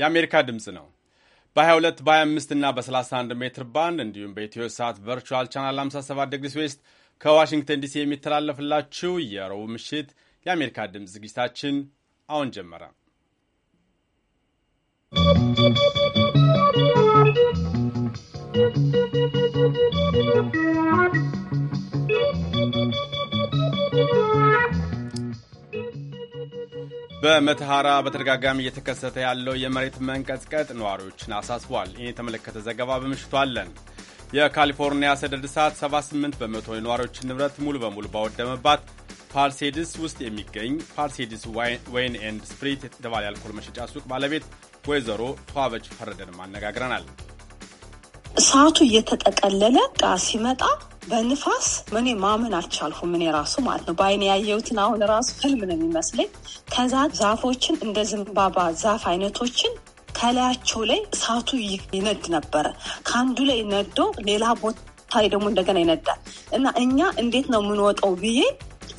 የአሜሪካ ድምፅ ነው። በ22 በ25 እና በ31 ሜትር ባንድ እንዲሁም በኢትዮ ሰዓት ቨርቹዋል ቻናል 57 ዲግሪ ስዌስት ከዋሽንግተን ዲሲ የሚተላለፍላችሁ የረቡዕ ምሽት የአሜሪካ ድምፅ ዝግጅታችን አሁን ጀመረ። ¶¶ በመተሐራ በተደጋጋሚ እየተከሰተ ያለው የመሬት መንቀጥቀጥ ነዋሪዎችን አሳስቧል። ይህን የተመለከተ ዘገባ በምሽቱ አለን። የካሊፎርኒያ ሰደድ እሳት 78 በመቶ የነዋሪዎችን ንብረት ሙሉ በሙሉ ባወደመባት ፓርሴዲስ ውስጥ የሚገኝ ፓርሴዲስ ወይን ኤንድ ስፕሪት የተባለ የአልኮል መሸጫ ሱቅ ባለቤት ወይዘሮ ተዋበች ፈረደንም አነጋግረናል። እሳቱ እየተጠቀለለ ጣ ሲመጣ በንፋስ እኔ ማመን አልቻልኩም። እኔ ራሱ ማለት ነው በአይኔ ያየሁትን አሁን ራሱ ህልም ነው የሚመስለኝ። ከዛ ዛፎችን እንደ ዘንባባ ዛፍ አይነቶችን ከላያቸው ላይ እሳቱ ይነድ ነበረ። ከአንዱ ላይ ነዶ ሌላ ቦታ ላይ ደግሞ እንደገና ይነዳል እና እኛ እንዴት ነው የምንወጣው ብዬ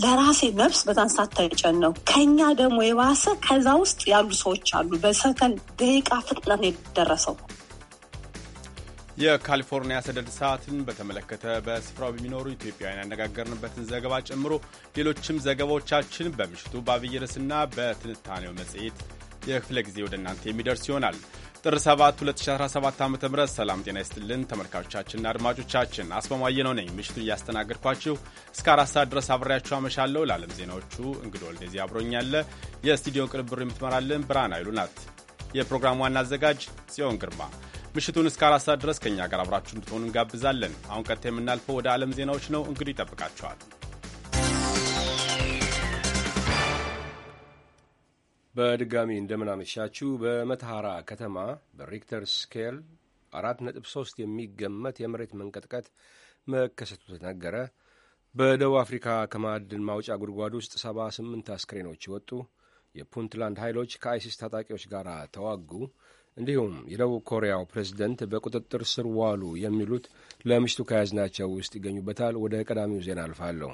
ለራሴ ነፍስ በጣም ሳታጨን ነው። ከኛ ደግሞ የባሰ ከዛ ውስጥ ያሉ ሰዎች አሉ። በሰከንድ ደቂቃ ፍጥነት ነው የደረሰው። የካሊፎርኒያ ሰደድ እሳትን በተመለከተ በስፍራው የሚኖሩ ኢትዮጵያውያን ያነጋገርንበትን ዘገባ ጨምሮ ሌሎችም ዘገባዎቻችን በምሽቱ በአብይ ርዕስና በትንታኔው መጽሔት የክፍለ ጊዜ ወደ እናንተ የሚደርስ ይሆናል። ጥር 7 2017 ዓ ም ሰላም ጤና ይስጥልን ተመልካቾቻችንና አድማጮቻችን አስማማየ ነው ነኝ። ምሽቱን እያስተናገድኳችሁ እስከ አራት ሰዓት ድረስ አብሬያችሁ አመሻለሁ። ለዓለም ዜናዎቹ እንግዶ ወልደዚህ አብሮኛለ። የስቱዲዮን ቅንብር የምትመራልን ብርሃን አይሉ ናት። የፕሮግራሙ ዋና አዘጋጅ ጽዮን ግርማ ምሽቱን እስከ አራት ሰዓት ድረስ ከእኛ ጋር አብራችሁ እንድትሆኑ እንጋብዛለን። አሁን ቀጥታ የምናልፈው ወደ ዓለም ዜናዎች ነው። እንግዲህ ይጠብቃቸዋል። በድጋሚ እንደምናመሻችሁ። በመተሐራ ከተማ በሪክተር ስኬል 4.3 የሚገመት የመሬት መንቀጥቀጥ መከሰቱ ተነገረ። በደቡብ አፍሪካ ከማዕድን ማውጫ ጉድጓድ ውስጥ ስምንት አስክሬኖች ወጡ። የፑንትላንድ ኃይሎች ከአይሲስ ታጣቂዎች ጋር ተዋጉ። እንዲሁም የደቡብ ኮሪያው ፕሬዝደንት በቁጥጥር ስር ዋሉ የሚሉት ለምሽቱ ከያዝናቸው ውስጥ ይገኙበታል። ወደ ቀዳሚው ዜና አልፋለሁ።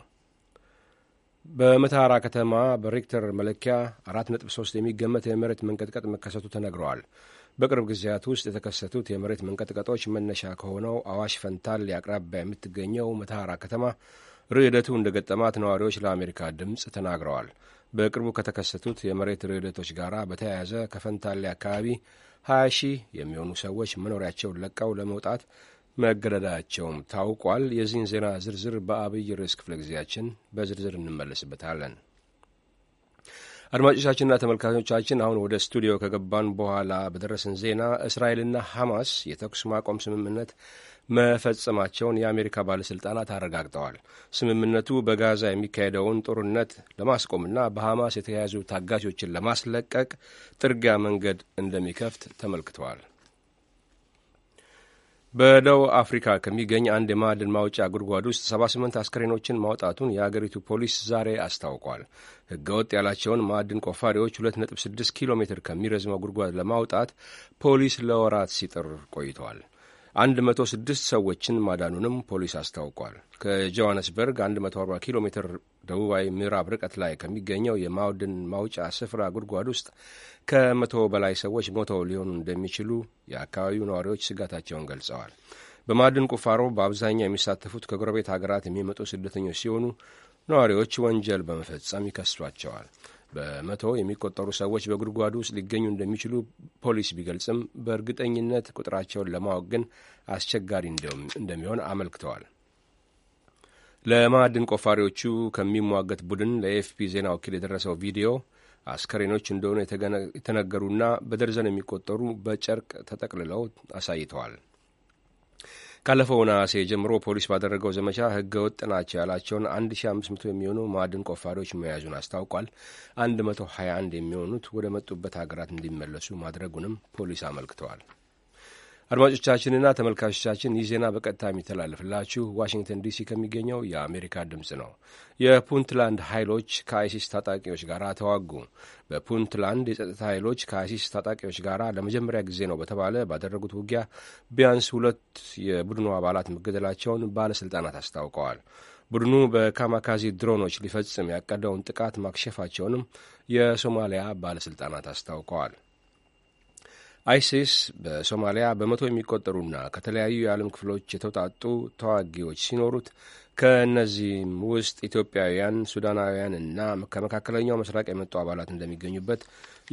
በመተሐራ ከተማ በሬክተር መለኪያ 4.3 የሚገመት የመሬት መንቀጥቀጥ መከሰቱ ተነግረዋል። በቅርብ ጊዜያት ውስጥ የተከሰቱት የመሬት መንቀጥቀጦች መነሻ ከሆነው አዋሽ ፈንታሌ አቅራቢያ የምትገኘው መተሐራ ከተማ ርዕደቱ እንደ ገጠማት ነዋሪዎች ለአሜሪካ ድምፅ ተናግረዋል። በቅርቡ ከተከሰቱት የመሬት ርዕደቶች ጋር በተያያዘ ከፈንታሌ አካባቢ ሀያ ሺህ የሚሆኑ ሰዎች መኖሪያቸውን ለቀው ለመውጣት መገደዳቸውም ታውቋል። የዚህን ዜና ዝርዝር በአብይ ርዕስ ክፍለ ጊዜያችን በዝርዝር እንመለስበታለን። አድማጮቻችንና ተመልካቾቻችን አሁን ወደ ስቱዲዮ ከገባን በኋላ በደረሰን ዜና እስራኤልና ሐማስ የተኩስ ማቆም ስምምነት መፈጸማቸውን የአሜሪካ ባለሥልጣናት አረጋግጠዋል። ስምምነቱ በጋዛ የሚካሄደውን ጦርነት ለማስቆምና በሐማስ የተያዙ ታጋቾችን ለማስለቀቅ ጥርጊያ መንገድ እንደሚከፍት ተመልክተዋል። በደቡብ አፍሪካ ከሚገኝ አንድ የማዕድን ማውጫ ጉድጓድ ውስጥ 78 አስከሬኖችን ማውጣቱን የአገሪቱ ፖሊስ ዛሬ አስታውቋል። ህገወጥ ያላቸውን ማዕድን ቆፋሪዎች 2.6 ኪሎ ሜትር ከሚረዝመው ጉድጓድ ለማውጣት ፖሊስ ለወራት ሲጥር ቆይተዋል። አንድ መቶ ስድስት ሰዎችን ማዳኑንም ፖሊስ አስታውቋል። ከጆሃንስበርግ 140 ኪሎ ሜትር ደቡባዊ ምዕራብ ርቀት ላይ ከሚገኘው የማውድን ማውጫ ስፍራ ጉድጓድ ውስጥ ከመቶ በላይ ሰዎች ሞተው ሊሆኑ እንደሚችሉ የአካባቢው ነዋሪዎች ስጋታቸውን ገልጸዋል። በማዕድን ቁፋሮ በአብዛኛው የሚሳተፉት ከጎረቤት ሀገራት የሚመጡ ስደተኞች ሲሆኑ ነዋሪዎች ወንጀል በመፈጸም ይከሷቸዋል። በመቶ የሚቆጠሩ ሰዎች በጉድጓዱ ውስጥ ሊገኙ እንደሚችሉ ፖሊስ ቢገልጽም በእርግጠኝነት ቁጥራቸውን ለማወቅ ግን አስቸጋሪ እንደሚሆን አመልክተዋል። ለማዕድን ቆፋሪዎቹ ከሚሟገት ቡድን ለኤፍፒ ዜና ወኪል የደረሰው ቪዲዮ አስከሬኖች እንደሆኑ የተነገሩና በደርዘን የሚቆጠሩ በጨርቅ ተጠቅልለው አሳይተዋል። ካለፈው ነሐሴ ጀምሮ ፖሊስ ባደረገው ዘመቻ ህገ ወጥ ናቸው ያላቸውን 1500 የሚሆኑ ማዕድን ቆፋሪዎች መያዙን አስታውቋል። 121 የሚሆኑት ወደ መጡበት ሀገራት እንዲመለሱ ማድረጉንም ፖሊስ አመልክተዋል። አድማጮቻችንና ተመልካቾቻችን ይህ ዜና በቀጥታ የሚተላለፍላችሁ ዋሽንግተን ዲሲ ከሚገኘው የአሜሪካ ድምፅ ነው። የፑንትላንድ ኃይሎች ከአይሲስ ታጣቂዎች ጋር ተዋጉ። በፑንትላንድ የጸጥታ ኃይሎች ከአይሲስ ታጣቂዎች ጋር ለመጀመሪያ ጊዜ ነው በተባለ ባደረጉት ውጊያ ቢያንስ ሁለት የቡድኑ አባላት መገደላቸውን ባለሥልጣናት አስታውቀዋል። ቡድኑ በካማካዚ ድሮኖች ሊፈጽም ያቀደውን ጥቃት ማክሸፋቸውንም የሶማሊያ ባለሥልጣናት አስታውቀዋል። አይሲስ በሶማሊያ በመቶ የሚቆጠሩና ከተለያዩ የዓለም ክፍሎች የተውጣጡ ተዋጊዎች ሲኖሩት ከእነዚህም ውስጥ ኢትዮጵያውያን፣ ሱዳናውያን እና ከመካከለኛው ምስራቅ የመጡ አባላት እንደሚገኙበት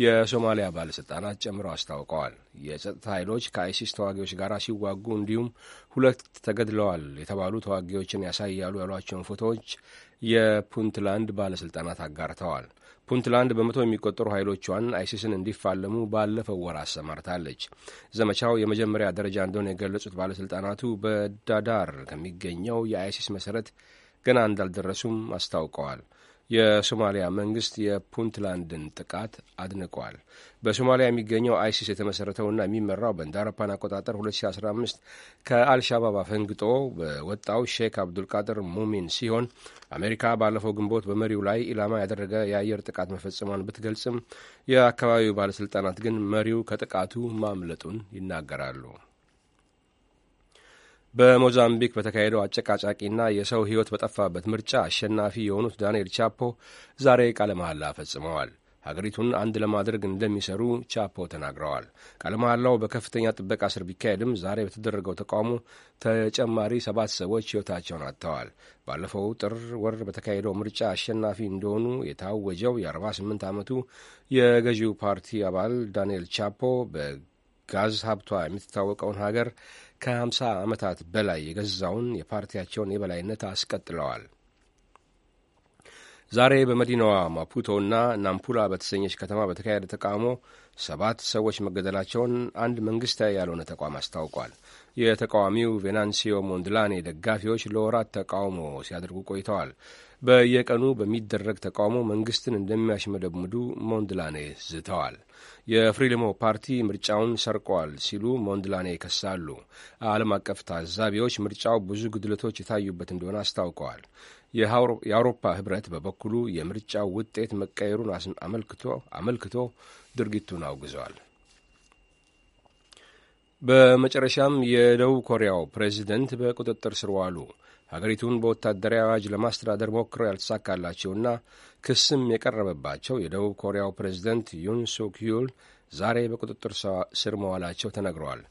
የሶማሊያ ባለሥልጣናት ጨምረው አስታውቀዋል። የጸጥታ ኃይሎች ከአይሲስ ተዋጊዎች ጋር ሲዋጉ እንዲሁም ሁለት ተገድለዋል የተባሉ ተዋጊዎችን ያሳያሉ ያሏቸውን ፎቶዎች የፑንትላንድ ባለሥልጣናት አጋርተዋል። ፑንትላንድ በመቶ የሚቆጠሩ ኃይሎቿን አይሲስን እንዲፋለሙ ባለፈው ወር አሰማርታለች። ዘመቻው የመጀመሪያ ደረጃ እንደሆነ የገለጹት ባለሥልጣናቱ በዳዳር ከሚገኘው የአይሲስ መሠረት ገና እንዳልደረሱም አስታውቀዋል። የሶማሊያ መንግስት የፑንትላንድን ጥቃት አድንቋል። በሶማሊያ የሚገኘው አይሲስ የተመሠረተውና የሚመራው በእንደ አቆጣጠር 2015 ከአልሻባብ አፈንግጦ በወጣው ሼክ አብዱልቃድር ሙሚን ሲሆን አሜሪካ ባለፈው ግንቦት በመሪው ላይ ኢላማ ያደረገ የአየር ጥቃት መፈጸሟን ብትገልጽም የአካባቢው ባለሥልጣናት ግን መሪው ከጥቃቱ ማምለጡን ይናገራሉ። በሞዛምቢክ በተካሄደው አጨቃጫቂና የሰው ሕይወት በጠፋበት ምርጫ አሸናፊ የሆኑት ዳንኤል ቻፖ ዛሬ ቃለ መሐላ ፈጽመዋል። ሀገሪቱን አንድ ለማድረግ እንደሚሰሩ ቻፖ ተናግረዋል። ቃለ መሐላው በከፍተኛ ጥበቃ ስር ቢካሄድም ዛሬ በተደረገው ተቃውሞ ተጨማሪ ሰባት ሰዎች ሕይወታቸውን አጥተዋል። ባለፈው ጥር ወር በተካሄደው ምርጫ አሸናፊ እንደሆኑ የታወጀው የ48 ዓመቱ የገዢው ፓርቲ አባል ዳንኤል ቻፖ በጋዝ ሀብቷ የምትታወቀውን ሀገር ከ50 ዓመታት በላይ የገዛውን የፓርቲያቸውን የበላይነት አስቀጥለዋል። ዛሬ በመዲናዋ ማፑቶና ናምፑላ በተሰኘች ከተማ በተካሄደ ተቃውሞ ሰባት ሰዎች መገደላቸውን አንድ መንግሥታዊ ያልሆነ ተቋም አስታውቋል። የተቃዋሚው ቬናንሲዮ ሞንድላኔ ደጋፊዎች ለወራት ተቃውሞ ሲያደርጉ ቆይተዋል። በየቀኑ በሚደረግ ተቃውሞ መንግሥትን እንደሚያሽመደምዱ ሞንድላኔ ዝተዋል። የፍሪሊሞ ፓርቲ ምርጫውን ሰርቀዋል ሲሉ ሞንድላኔ ይከሳሉ። ዓለም አቀፍ ታዛቢዎች ምርጫው ብዙ ጉድለቶች የታዩበት እንደሆነ አስታውቀዋል። የአውሮፓ ህብረት በበኩሉ የምርጫው ውጤት መቀየሩን አመልክቶ ድርጊቱን አውግዘዋል። በመጨረሻም የደቡብ ኮሪያው ፕሬዚደንት በቁጥጥር ስር ዋሉ። ሀገሪቱን በወታደራዊ አዋጅ ለማስተዳደር ሞክረው ያልተሳካላቸውና ክስም የቀረበባቸው የደቡብ ኮሪያው ፕሬዚደንት ዩን ሱክ ዩል ዛሬ በቁጥጥር ስር መዋላቸው ተነግረዋል።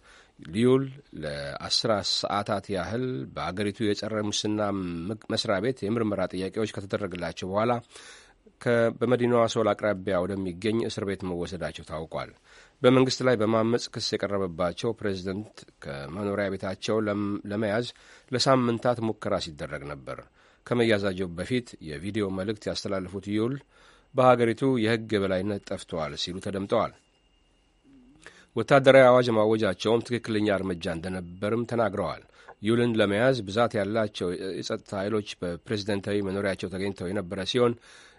ሊዩል ለአስር ሰዓታት ያህል በአገሪቱ የጸረ ሙስና መስሪያ ቤት የምርመራ ጥያቄዎች ከተደረገላቸው በኋላ በመዲናዋ ሶል አቅራቢያ ወደሚገኝ እስር ቤት መወሰዳቸው ታውቋል። በመንግስት ላይ በማመፅ ክስ የቀረበባቸው ፕሬዝደንት ከመኖሪያ ቤታቸው ለመያዝ ለሳምንታት ሙከራ ሲደረግ ነበር። ከመያዛቸው በፊት የቪዲዮ መልእክት ያስተላለፉት ይውል በሀገሪቱ የህግ የበላይነት ጠፍተዋል ሲሉ ተደምጠዋል። ወታደራዊ አዋጅ ማወጃቸውም ትክክለኛ እርምጃ እንደነበርም ተናግረዋል። ይውልን ለመያዝ ብዛት ያላቸው የጸጥታ ኃይሎች በፕሬዝደንታዊ መኖሪያቸው ተገኝተው የነበረ ሲሆን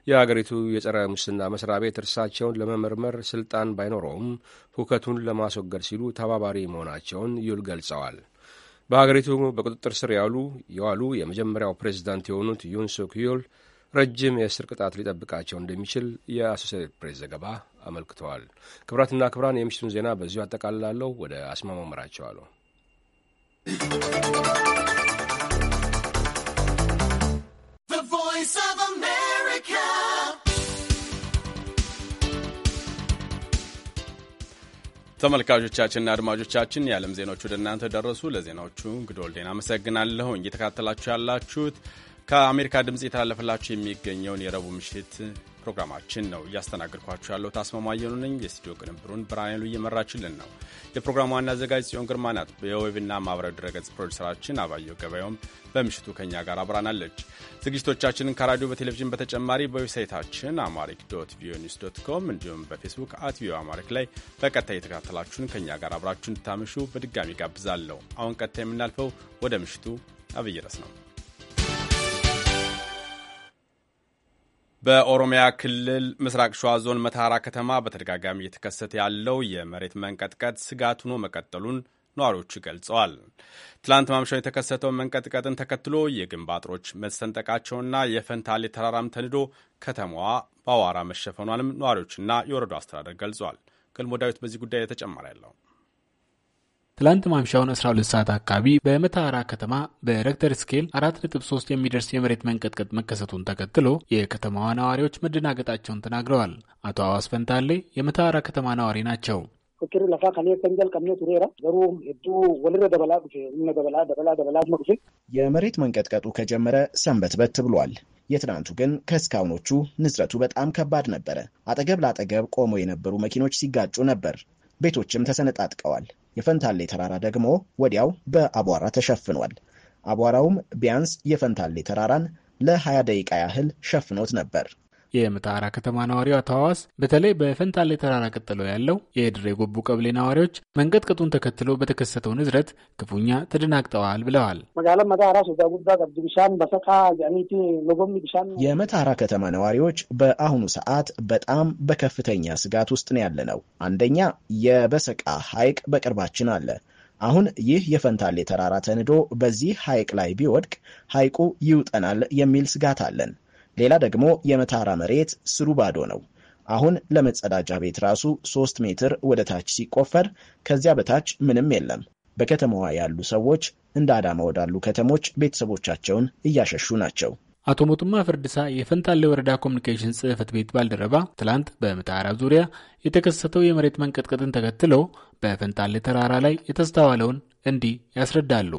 የአገሪቱ የጸረ ሙስና መስሪያ ቤት እርሳቸውን ለመመርመር ስልጣን ባይኖረውም ሁከቱን ለማስወገድ ሲሉ ተባባሪ መሆናቸውን ይል ገልጸዋል። በአገሪቱ በቁጥጥር ስር ያሉ የዋሉ የመጀመሪያው ፕሬዚዳንት የሆኑት ዩን ሱክ ዩል ረጅም የእስር ቅጣት ሊጠብቃቸው እንደሚችል የአሶሴትድ ፕሬስ ዘገባ አመልክተዋል። ክብራትና ክብራን የምሽቱን ዜና በዚሁ አጠቃልላለሁ። ወደ አስማማው መራቸዋለሁ። ተመልካቾቻችንና አድማጮቻችን የዓለም ዜናዎች ወደ እናንተ ደረሱ። ለዜናዎቹ እንግዶ ወልዴን አመሰግናለሁ። እየተካተላችሁ ያላችሁት ከአሜሪካ ድምፅ የተላለፈላችሁ የሚገኘውን የረቡዕ ምሽት ፕሮግራማችን ነው። እያስተናገድኳችሁ ያለው ታስማማየኑ ነኝ። የስቱዲዮ ቅንብሩን ብርሃን እየመራችልን ነው። የፕሮግራሙ ዋና አዘጋጅ ጽዮን ግርማ ናት። የዌብና ማህበራዊ ድረገጽ ፕሮዲሰራችን አባየው ገበያውም በምሽቱ ከኛ ጋር አብራናለች። ዝግጅቶቻችንን ከራዲዮ በቴሌቪዥን በተጨማሪ በዌብሳይታችን አማሪክ ዶት ቪኦኤ ኒውስ ዶት ኮም እንዲሁም በፌስቡክ አት ቪኦኤ አማሪክ ላይ በቀጥታ የተከታተላችሁን ከእኛ ጋር አብራችሁ እንድታመሹ በድጋሚ ጋብዛለሁ። አሁን ቀጥታ የምናልፈው ወደ ምሽቱ አብይ ርዕስ ነው። በኦሮሚያ ክልል ምስራቅ ሸዋ ዞን መተሐራ ከተማ በተደጋጋሚ እየተከሰተ ያለው የመሬት መንቀጥቀጥ ስጋት ሆኖ መቀጠሉን ነዋሪዎቹ ገልጸዋል። ትላንት ማምሻው የተከሰተውን መንቀጥቀጥን ተከትሎ የግንብ አጥሮች መሰንጠቃቸውና የፈንታሌ ተራራም ተንዶ ከተማዋ በአዋራ መሸፈኗንም ነዋሪዎችና የወረዳው አስተዳደር ገልጿል። ገልሞ ዳዊት በዚህ ጉዳይ ተጨማሪ ያለው ትላንት ማምሻውን 12 ሰዓት አካባቢ በመታራ ከተማ በሬክተር ስኬል 4.3 የሚደርስ የመሬት መንቀጥቀጥ መከሰቱን ተከትሎ የከተማዋ ነዋሪዎች መደናገጣቸውን ተናግረዋል። አቶ አዋስ ፈንታሌ የመታራ ከተማ ነዋሪ ናቸው። ፍቅሪ ለፋ ከኔ ተንጀል ከኔ ቱሬራ ገሩ ሄዱ ወልረ ደበላ እነ ደበላ ደበላ ደበላ መቁሴ የመሬት መንቀጥቀጡ ከጀመረ ሰንበት በት ብሏል። የትናንቱ ግን ከእስካሁኖቹ ንዝረቱ በጣም ከባድ ነበረ። አጠገብ ለአጠገብ ቆመው የነበሩ መኪኖች ሲጋጩ ነበር። ቤቶችም ተሰነጣጥቀዋል። የፈንታሌ ተራራ ደግሞ ወዲያው በአቧራ ተሸፍኗል። አቧራውም ቢያንስ የፈንታሌ ተራራን ለ20 ደቂቃ ያህል ሸፍኖት ነበር። የምታራ ከተማ ነዋሪው አቶ አዋስ በተለይ በፈንታሌ ተራራ ቀጥሎ ያለው የድሬ ጎቡ ቀብሌ ነዋሪዎች መንቀጥቀጡን ተከትሎ በተከሰተው ንዝረት ክፉኛ ተደናግጠዋል ብለዋል። የመታራ ከተማ ነዋሪዎች በአሁኑ ሰዓት በጣም በከፍተኛ ስጋት ውስጥ ነው ያለ ነው። አንደኛ የበሰቃ ሐይቅ በቅርባችን አለ። አሁን ይህ የፈንታሌ ተራራ ተንዶ በዚህ ሐይቅ ላይ ቢወድቅ ሐይቁ ይውጠናል የሚል ስጋት አለን። ሌላ ደግሞ የመታራ መሬት ስሩ ባዶ ነው። አሁን ለመጸዳጃ ቤት ራሱ ሶስት ሜትር ወደ ታች ሲቆፈር ከዚያ በታች ምንም የለም። በከተማዋ ያሉ ሰዎች እንደ አዳማ ወዳሉ ከተሞች ቤተሰቦቻቸውን እያሸሹ ናቸው። አቶ ሞቱማ ፍርድሳ የፈንታሌ ወረዳ ኮሚኒኬሽን ጽህፈት ቤት ባልደረባ ትላንት በምታራ ዙሪያ የተከሰተው የመሬት መንቀጥቀጥን ተከትሎ በፈንታሌ ተራራ ላይ የተስተዋለውን እንዲህ ያስረዳሉ።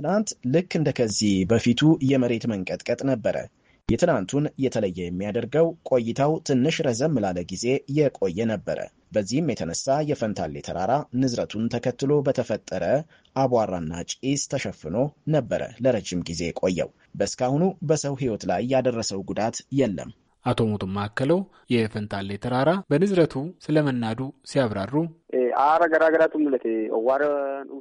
ትናንት ልክ እንደ ከዚህ በፊቱ የመሬት መንቀጥቀጥ ነበረ። የትናንቱን የተለየ የሚያደርገው ቆይታው ትንሽ ረዘም ላለ ጊዜ የቆየ ነበረ። በዚህም የተነሳ የፈንታሌ ተራራ ንዝረቱን ተከትሎ በተፈጠረ አቧራና ጭስ ተሸፍኖ ነበረ ለረጅም ጊዜ ቆየው በእስካሁኑ በሰው ሕይወት ላይ ያደረሰው ጉዳት የለም። አቶ ሞቱማ ማከለው የፈንታሌ ተራራ በንዝረቱ ስለመናዱ ሲያብራሩ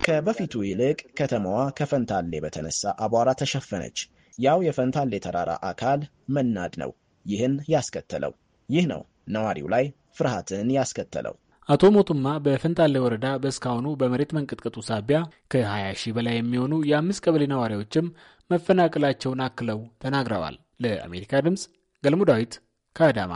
ከበፊቱ ይልቅ ከተማዋ ከፈንታሌ በተነሳ አቧራ ተሸፈነች። ያው የፈንታሌ ተራራ አካል መናድ ነው ይህን ያስከተለው። ይህ ነው ነዋሪው ላይ ፍርሃትን ያስከተለው። አቶ ሞቱማ በፈንታሌ ወረዳ በእስካሁኑ በመሬት መንቀጥቀጡ ሳቢያ ከ20 ሺህ በላይ የሚሆኑ የአምስት ቀበሌ ነዋሪዎችም መፈናቀላቸውን አክለው ተናግረዋል። ለአሜሪካ ድምፅ ገልሙ ዳዊት ከአዳማ።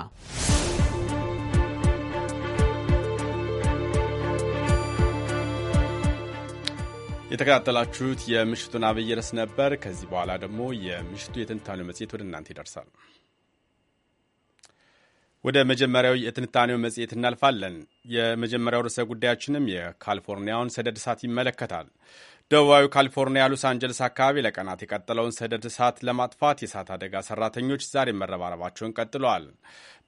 የተከታተላችሁት የምሽቱን አብይ ርዕስ ነበር። ከዚህ በኋላ ደግሞ የምሽቱ የትንታኔ መጽሔት ወደ እናንተ ይደርሳል። ወደ መጀመሪያው የትንታኔው መጽሔት እናልፋለን። የመጀመሪያው ርዕሰ ጉዳያችንም የካሊፎርኒያውን ሰደድ እሳት ይመለከታል። ደቡባዊ ካሊፎርኒያ ሎስ አንጀለስ አካባቢ ለቀናት የቀጠለውን ሰደድ እሳት ለማጥፋት የእሳት አደጋ ሰራተኞች ዛሬ መረባረባቸውን ቀጥለዋል።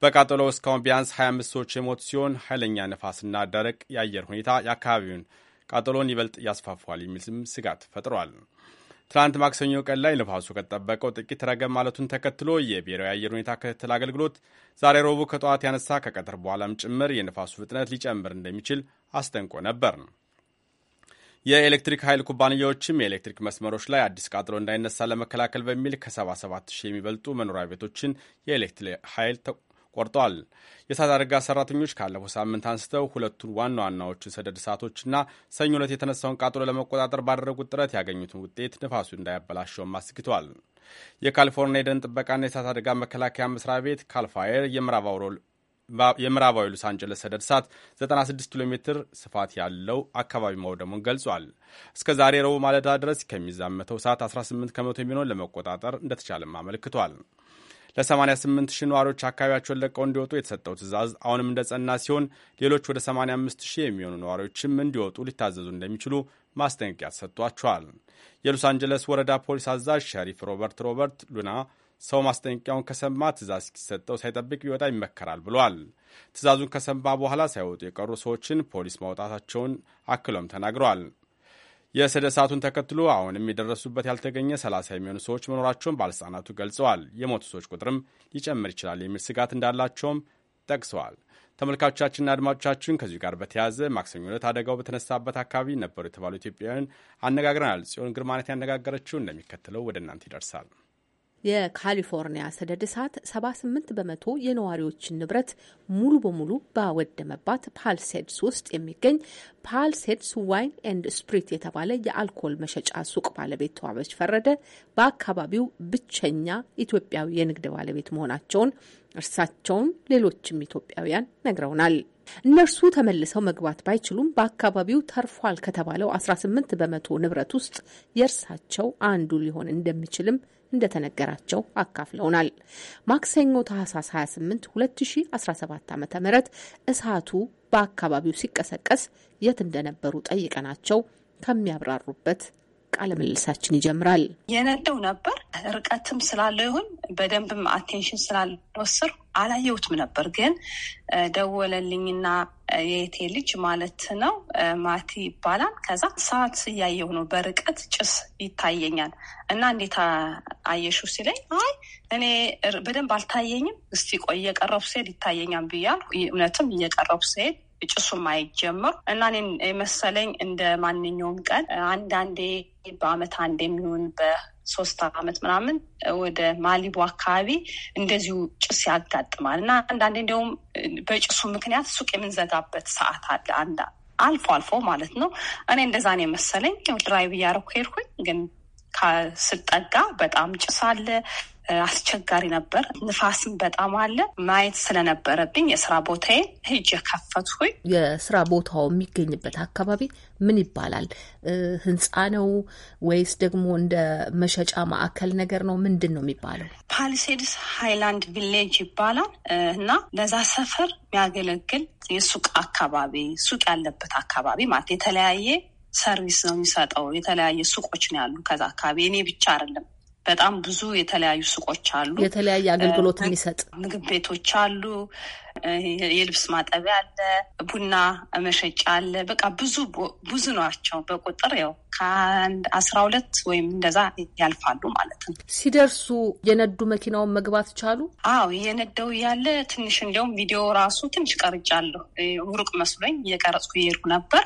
በቃጠሎ እስካሁን ቢያንስ 25 ሰዎች የሞቱ ሲሆን ኃይለኛ ነፋስና ደረቅ የአየር ሁኔታ የአካባቢውን ቃጠሎን ይበልጥ ያስፋፏል የሚልም ስጋት ፈጥሯል። ትናንት ማክሰኞ ቀን ላይ ንፋሱ ከተጠበቀው ጥቂት ረገብ ማለቱን ተከትሎ የብሔራዊ አየር ሁኔታ ክትትል አገልግሎት ዛሬ ረቡዕ ከጠዋት ያነሳ ከቀትር በኋላም ጭምር የንፋሱ ፍጥነት ሊጨምር እንደሚችል አስጠንቆ ነበር። የኤሌክትሪክ ኃይል ኩባንያዎችም የኤሌክትሪክ መስመሮች ላይ አዲስ ቃጥሎ እንዳይነሳ ለመከላከል በሚል ከ77 ሺህ የሚበልጡ መኖሪያ ቤቶችን የኤሌክትሪክ ኃይል ቆርጧል። የእሳት አደጋ ሰራተኞች ካለፈው ሳምንት አንስተው ሁለቱን ዋና ዋናዎቹ ሰደድ እሳቶችና ሰኞ ዕለት የተነሳውን ቃጠሎ ለመቆጣጠር ባደረጉት ጥረት ያገኙትን ውጤት ንፋሱ እንዳያበላሸውም አስግተዋል። የካሊፎርኒያ የደን ጥበቃና የእሳት አደጋ መከላከያ መስሪያ ቤት ካልፋየር የምዕራባዊ ሎስ አንጀለስ ሰደድ እሳት 96 ኪሎ ሜትር ስፋት ያለው አካባቢ መውደሙን ገልጿል። እስከ ዛሬ ረቡዕ ማለዳ ድረስ ከሚዛመተው እሳት 18 ከመቶ የሚሆን ለመቆጣጠር እንደተቻለም አመልክቷል። ለ88 ሺህ ነዋሪዎች አካባቢያቸውን ለቀው እንዲወጡ የተሰጠው ትዕዛዝ አሁንም እንደጸና ሲሆን ሌሎች ወደ 85 ሺህ የሚሆኑ ነዋሪዎችም እንዲወጡ ሊታዘዙ እንደሚችሉ ማስጠንቀቂያ ተሰጥቷቸዋል። የሎስ አንጀለስ ወረዳ ፖሊስ አዛዥ ሸሪፍ ሮበርት ሮበርት ሉና ሰው ማስጠንቀቂያውን ከሰማ ትዕዛዝ እስኪሰጠው ሳይጠብቅ ቢወጣ ይመከራል ብሏል። ትዕዛዙን ከሰማ በኋላ ሳይወጡ የቀሩ ሰዎችን ፖሊስ ማውጣታቸውን አክሎም ተናግረዋል። የሰደድ እሳቱን ተከትሎ አሁንም የደረሱበት ያልተገኘ 30 የሚሆኑ ሰዎች መኖራቸውን ባለሥልጣናቱ ገልጸዋል። የሞቱ ሰዎች ቁጥርም ሊጨምር ይችላል የሚል ስጋት እንዳላቸውም ጠቅሰዋል። ተመልካቾቻችንና አድማጮቻችን ከዚሁ ጋር በተያያዘ ማክሰኞ ዕለት አደጋው በተነሳበት አካባቢ ነበሩ የተባሉ ኢትዮጵያውያን አነጋግረናል። ጽዮን ግርማነት ያነጋገረችው እንደሚከተለው ወደ እናንተ ይደርሳል። የካሊፎርኒያ ሰደድ እሳት 78 በመቶ የነዋሪዎችን ንብረት ሙሉ በሙሉ ባወደመባት ፓልሴድስ ውስጥ የሚገኝ ፓልሴድስ ዋይን ኤንድ ስፕሪት የተባለ የአልኮል መሸጫ ሱቅ ባለቤት ተዋበች ፈረደ በአካባቢው ብቸኛ ኢትዮጵያዊ የንግድ ባለቤት መሆናቸውን እርሳቸውን ሌሎችም ኢትዮጵያውያን ነግረውናል። እነርሱ ተመልሰው መግባት ባይችሉም በአካባቢው ተርፏል ከተባለው 18 በመቶ ንብረት ውስጥ የእርሳቸው አንዱ ሊሆን እንደሚችልም እንደተነገራቸው አካፍለውናል። ማክሰኞ ታህሳስ 28 2017 ዓ ም እሳቱ በአካባቢው ሲቀሰቀስ የት እንደነበሩ ጠይቀናቸው ከሚያብራሩበት ቃለ ምልልሳችን ይጀምራል። የነደው ነበር። ርቀትም ስላለው ይሁን በደንብም አቴንሽን ስላልወሰድኩ አላየሁትም ነበር። ግን ደወለልኝና የቴ ልጅ ማለት ነው ማቲ ይባላል። ከዛ ሰዓት እያየሁ ነው በርቀት ጭስ ይታየኛል እና እንዴት አየሹ ሲለኝ አይ እኔ በደንብ አልታየኝም፣ እስቲ ቆይ እየቀረቡ ስሄድ ይታየኛል ብያል። እውነትም እየቀረቡ ስሄድ ጭሱም አይጀምሩ እና እኔን የመሰለኝ እንደ ማንኛውም ቀን አንዳንዴ በአመት አንድ የሚሆን ሶስት አመት ምናምን ወደ ማሊቦ አካባቢ እንደዚሁ ጭስ ያጋጥማል እና አንዳንዴ እንዲሁም በጭሱ ምክንያት ሱቅ የምንዘጋበት ሰዓት አለ። አንዳ አልፎ አልፎ ማለት ነው። እኔ እንደዛ ነው የመሰለኝ። ድራይቭ እያደረኩ ሄድኩኝ ግን ስጠጋ በጣም ጭስ አለ። አስቸጋሪ ነበር። ንፋስም በጣም አለ። ማየት ስለነበረብኝ የስራ ቦታዬ ሄጄ ከፈትኩኝ። የስራ ቦታው የሚገኝበት አካባቢ ምን ይባላል? ህንፃ ነው ወይስ ደግሞ እንደ መሸጫ ማዕከል ነገር ነው? ምንድን ነው የሚባለው? ፓሊሴድስ ሃይላንድ ቪሌጅ ይባላል እና ለዛ ሰፈር የሚያገለግል የሱቅ አካባቢ ሱቅ ያለበት አካባቢ ማለት የተለያየ ሰርቪስ ነው የሚሰጠው። የተለያየ ሱቆች ነው ያሉ ከዛ አካባቢ እኔ ብቻ አይደለም በጣም ብዙ የተለያዩ ሱቆች አሉ። የተለያየ አገልግሎት የሚሰጥ ምግብ ቤቶች አሉ። የልብስ ማጠቢያ አለ። ቡና መሸጫ አለ። በቃ ብዙ ብዙ ናቸው በቁጥር ያው ከአንድ አስራ ሁለት ወይም እንደዛ ያልፋሉ ማለት ነው። ሲደርሱ የነዱ መኪናውን መግባት ቻሉ? አዎ እየነደው ያለ ትንሽ እንዲያውም ቪዲዮ ራሱ ትንሽ ቀርጫለሁ። ሩቅ መስሎኝ እየቀረጽኩ እየሄድኩ ነበር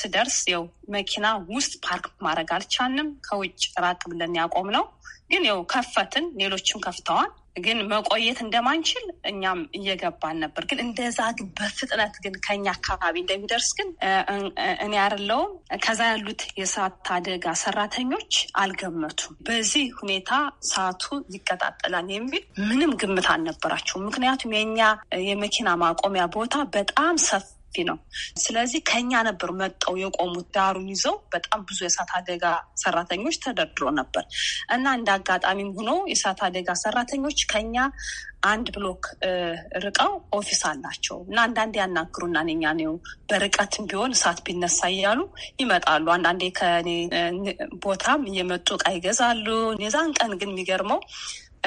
ስደርስ ው መኪና ውስጥ ፓርክ ማድረግ አልቻንም ከውጭ ራቅ ብለን ያቆም ነው። ግን ው ከፈትን፣ ሌሎችም ከፍተዋል። ግን መቆየት እንደማንችል እኛም እየገባን ነበር። ግን እንደዛ ግን በፍጥነት ግን ከኛ አካባቢ እንደሚደርስ ግን እኔ ያርለውም ከዛ ያሉት የሰዓት አደጋ ሰራተኞች አልገመቱም። በዚህ ሁኔታ ሰዓቱ ይቀጣጠላል የሚል ምንም ግምት አልነበራቸው ምክንያቱም የኛ የመኪና ማቆሚያ ቦታ በጣም ሰፍ ሰፊ ነው። ስለዚህ ከኛ ነበር መጠው የቆሙት ዳሩን ይዘው በጣም ብዙ የእሳት አደጋ ሰራተኞች ተደርድሮ ነበር እና እንደ አጋጣሚም ሆኖ የእሳት አደጋ ሰራተኞች ከኛ አንድ ብሎክ ርቀው ኦፊስ አላቸው እና አንዳንዴ ያናግሩና እኛ ነው በርቀትም ቢሆን እሳት ቢነሳ እያሉ ይመጣሉ። አንዳንዴ ከኔ ቦታም እየመጡ እቃ ይገዛሉ። የዛን ቀን ግን የሚገርመው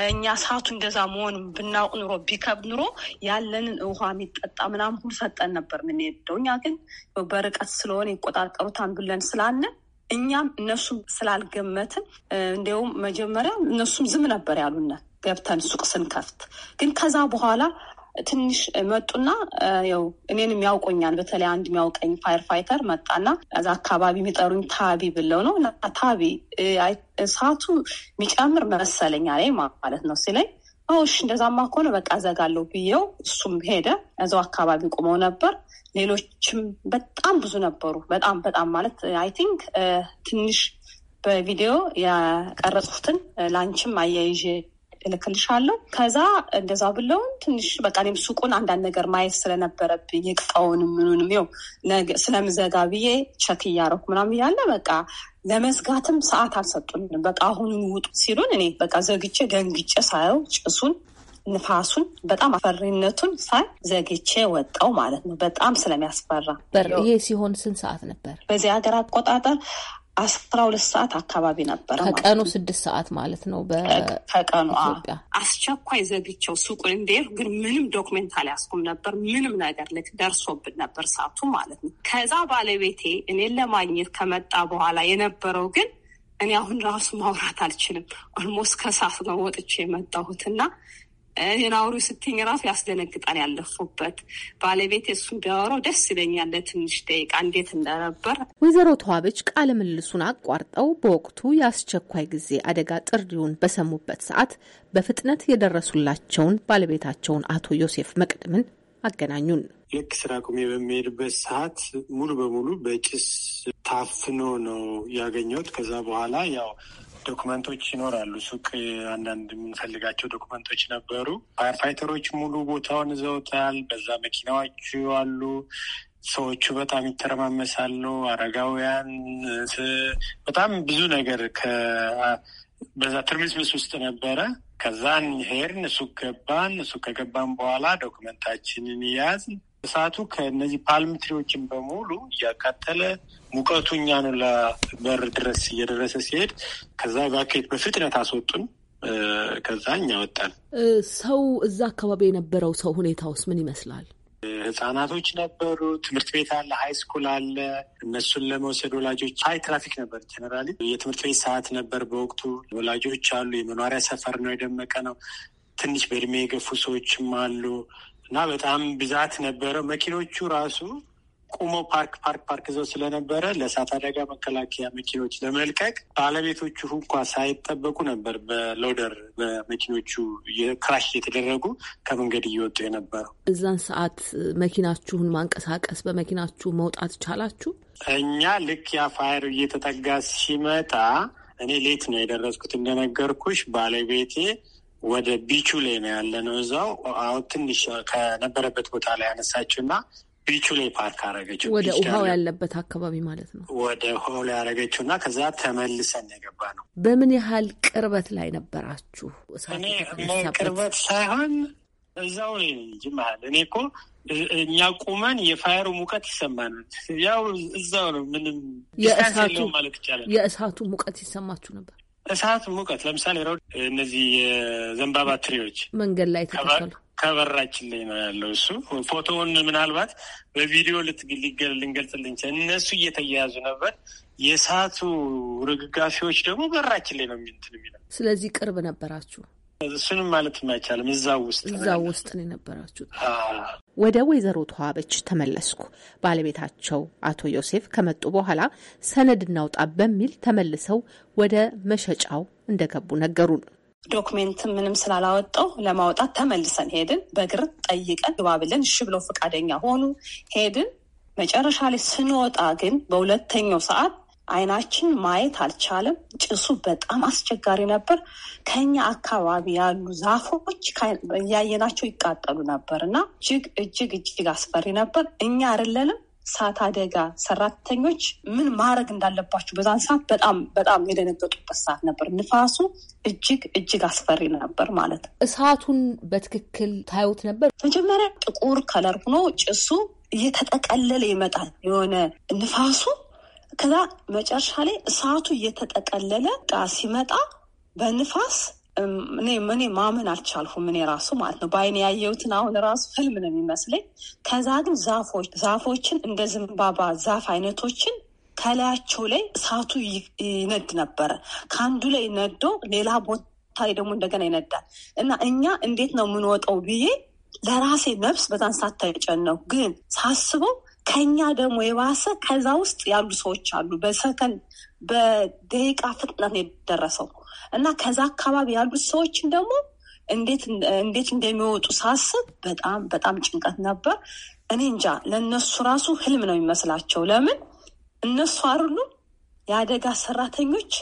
እኛ ሰዓቱ እንደዛ መሆን ብናውቅ ኑሮ ቢከብ ኑሮ ያለንን ውሃ የሚጠጣ ምናምን ሁሉ ሰጠን ነበር የምንሄደው። እኛ ግን በርቀት ስለሆነ ይቆጣጠሩታን ብለን ስላለ እኛም እነሱም ስላልገመትን እንዲሁም መጀመሪያ እነሱም ዝም ነበር ያሉና ገብተን ሱቅ ስንከፍት ግን ከዛ በኋላ ትንሽ መጡና ው እኔንም ያውቁኛል። በተለይ አንድ የሚያውቀኝ ፋየር ፋይተር መጣና እዛ አካባቢ የሚጠሩኝ ታቢ ብለው ነው ታቢ እሳቱ የሚጨምር መሰለኛ ላይ ማለት ነው ሲለኝ እሺ እንደዛማ ከሆነ በቃ ዘጋለሁ ብዬው እሱም ሄደ። እዛው አካባቢ ቁመው ነበር። ሌሎችም በጣም ብዙ ነበሩ። በጣም በጣም ማለት አይ ቲንክ ትንሽ በቪዲዮ ያቀረጽኩትን ላንችም አያይዤ እልክልሻለሁ። ከዛ እንደዛ ብለውን ትንሽ በቃ እኔም ሱቁን አንዳንድ ነገር ማየት ስለነበረብኝ እቃውን ምኑንም ው ስለምዘጋ ብዬ ቸክ እያረኩ ምናምን እያለ በቃ ለመዝጋትም ሰዓት አልሰጡንም። በቃ አሁኑን ውጡ ሲሉን እኔ በቃ ዘግቼ ደንግጬ ሳየው ጭሱን ንፋሱን በጣም አፈሪነቱን ሳይ ዘግቼ ወጣው ማለት ነው። በጣም ስለሚያስፈራ በር። ይሄ ሲሆን ስንት ሰዓት ነበር? በዚህ ሀገር አቆጣጠር አስራ ሁለት ሰዓት አካባቢ ነበረ። ከቀኑ ስድስት ሰዓት ማለት ነው። ከቀኑ አስቸኳይ ዘግቸው ሱቁን እንዴት ግን ምንም ዶክሜንት አልያዝኩም ነበር። ምንም ነገር ልክ ደርሶብን ነበር ሰዓቱ ማለት ነው። ከዛ ባለቤቴ እኔን ለማግኘት ከመጣ በኋላ የነበረው ግን እኔ አሁን ራሱ ማውራት አልችልም። ኦልሞስት ከሳት ነው ወጥቼ የመጣሁት እና ይሄን አውሪ ስትኝ ራሱ ያስደነግጣል። ያለፉበት ባለቤት የሱ ቢያወራው ደስ ይለኛል። ለትንሽ ደቂቃ እንዴት እንደነበር ወይዘሮ ተዋበች ቃለ ምልልሱን አቋርጠው በወቅቱ የአስቸኳይ ጊዜ አደጋ ጥሪውን በሰሙበት ሰዓት በፍጥነት የደረሱላቸውን ባለቤታቸውን አቶ ዮሴፍ መቅድምን አገናኙን። ልክ ስራ ቁሜ በሚሄድበት ሰዓት ሙሉ በሙሉ በጭስ ታፍኖ ነው ያገኘሁት። ከዛ በኋላ ያው ዶክመንቶች ይኖራሉ። ሱቅ አንዳንድ የምንፈልጋቸው ዶኩመንቶች ነበሩ። ፋይተሮች ሙሉ ቦታውን ይዘውታል። በዛ መኪናዎቹ አሉ። ሰዎቹ በጣም ይተረማመሳሉ። አረጋውያን በጣም ብዙ ነገር በዛ ትርምስምስ ውስጥ ነበረ። ከዛን ሄድን፣ ሱቅ ገባን። ሱቅ ከገባን በኋላ ዶኩመንታችንን ያዝ። እሳቱ ከእነዚህ ፓልም ትሪዎችን በሙሉ እያቃጠለ ሙቀቱ እኛን ለበር ድረስ እየደረሰ ሲሄድ ከዛ ባኬት በፍጥነት አስወጡን። ከዛ እኛ ወጣን። ሰው እዛ አካባቢ የነበረው ሰው ሁኔታ ውስጥ ምን ይመስላል? ህጻናቶች ነበሩ። ትምህርት ቤት አለ፣ ሀይ ስኩል አለ። እነሱን ለመውሰድ ወላጆች ሀይ ትራፊክ ነበር። ጀነራሊ የትምህርት ቤት ሰዓት ነበር በወቅቱ። ወላጆች አሉ። የመኖሪያ ሰፈር ነው፣ የደመቀ ነው። ትንሽ በእድሜ የገፉ ሰዎችም አሉ እና በጣም ብዛት ነበረው። መኪኖቹ ራሱ ቁመው ፓርክ ፓርክ ፓርክ ይዘው ስለነበረ ለእሳት አደጋ መከላከያ መኪኖች ለመልቀቅ ባለቤቶቹ እንኳ ሳይጠበቁ ነበር በሎደር በመኪኖቹ ክራሽ የተደረጉ ከመንገድ እየወጡ የነበረው። እዛን ሰዓት መኪናችሁን ማንቀሳቀስ በመኪናችሁ መውጣት ቻላችሁ? እኛ ልክ ያ ፋየር እየተጠጋ ሲመጣ እኔ ሌት ነው የደረስኩት እንደነገርኩሽ። ባለቤቴ ወደ ቢቹ ላይ ነው ያለ ነው እዛው አሁን ትንሽ ከነበረበት ቦታ ላይ ያነሳችው እና ቢቹ ላይ ፓርክ አረገችው። ወደ ውሃው ያለበት አካባቢ ማለት ነው። ወደ ውሃው ላይ አረገችው እና ከዛ ተመልሰን የገባ ነው። በምን ያህል ቅርበት ላይ ነበራችሁ? እኔ ቅርበት ሳይሆን እዛው እንጂ መሀል እኔ እኮ እኛ ቁመን የፋየሩ ሙቀት ይሰማናል። ያው እዛው ነው። ምንም የእሳቱ ማለት ይቻላል። የእሳቱ ሙቀት ይሰማችሁ ነበር? እሳት ሙቀት ለምሳሌ ረው እነዚህ የዘንባባ ትሪዎች መንገድ ላይ ተተከሉ ከበራችን ላይ ነው ያለው። እሱ ፎቶውን ምናልባት በቪዲዮ ልንገልጽልን እነሱ እየተያያዙ ነበር። የእሳቱ ርግጋፊዎች ደግሞ በራችን ላይ ነው እንትን የሚለው። ስለዚህ ቅርብ ነበራችሁ። እሱንም ማለት አይቻልም። እዛው ውስጥ እዛው ውስጥ ነው የነበራችሁ። ወደ ወይዘሮ ተዋበች ተመለስኩ። ባለቤታቸው አቶ ዮሴፍ ከመጡ በኋላ ሰነድ እናውጣ በሚል ተመልሰው ወደ መሸጫው እንደገቡ ነገሩን። ዶክሜንት ምንም ስላላወጣው ለማውጣት ተመልሰን ሄድን። በእግር ጠይቀን ግባ ብለን እሺ ብለው ፈቃደኛ ሆኑ። ሄድን። መጨረሻ ላይ ስንወጣ ግን በሁለተኛው ሰዓት አይናችን ማየት አልቻለም። ጭሱ በጣም አስቸጋሪ ነበር። ከኛ አካባቢ ያሉ ዛፎች እያየናቸው ይቃጠሉ ነበር እና እጅግ እጅግ እጅግ አስፈሪ ነበር። እኛ አይደለንም ሰዓት አደጋ ሰራተኞች ምን ማድረግ እንዳለባቸው በዛን ሰዓት በጣም በጣም የደነገጡበት ሰዓት ነበር። ንፋሱ እጅግ እጅግ አስፈሪ ነበር ማለት ነው። እሳቱን በትክክል ታዩት ነበር። መጀመሪያ ጥቁር ከለር ሆኖ ጭሱ እየተጠቀለለ ይመጣል የሆነ ንፋሱ። ከዛ መጨረሻ ላይ እሳቱ እየተጠቀለለ ጣ ሲመጣ በንፋስ እኔ ማመን አልቻልሁም። እኔ ራሱ ማለት ነው በአይን ያየሁትን አሁን ራሱ ህልም ነው የሚመስለኝ። ከዛ ግን ዛፎች ዛፎችን እንደ ዘንባባ ዛፍ አይነቶችን ከላያቸው ላይ እሳቱ ይነድ ነበረ። ከአንዱ ላይ ነዶ ሌላ ቦታ ላይ ደግሞ እንደገና ይነዳል እና እኛ እንዴት ነው የምንወጣው ብዬ ለራሴ ነፍስ በጣም ሰዓት ግን ሳስበው ከኛ ደግሞ የባሰ ከዛ ውስጥ ያሉ ሰዎች አሉ። በሰከንድ በደቂቃ ፍጥነት ነው የደረሰው እና ከዛ አካባቢ ያሉት ሰዎችን ደግሞ እንዴት እንዴት እንደሚወጡ ሳስብ በጣም በጣም ጭንቀት ነበር። እኔ እንጃ ለእነሱ ራሱ ህልም ነው የሚመስላቸው። ለምን እነሱ አርሉ የአደጋ ሰራተኞች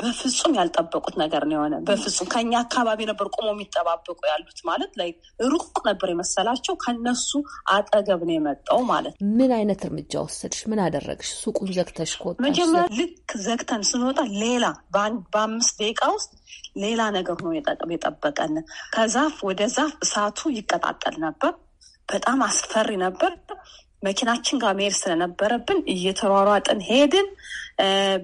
በፍጹም ያልጠበቁት ነገር ነው የሆነ። በፍጹም ከኛ አካባቢ ነበር ቆሞ የሚጠባበቁ ያሉት ማለት ላይ ሩቅ ነበር የመሰላቸው ከነሱ አጠገብ ነው የመጣው ማለት ምን አይነት እርምጃ ወሰድሽ? ምን አደረግሽ? ሱቁን ዘግተሽ ኮ መጀመሪያ ልክ ዘግተን ስንወጣ ሌላ በአምስት ደቂቃ ውስጥ ሌላ ነገር ነው የጠበቀን። ከዛፍ ወደ ዛፍ እሳቱ ይቀጣጠል ነበር። በጣም አስፈሪ ነበር። መኪናችን ጋር መሄድ ስለነበረብን እየተሯሯጥን ሄድን።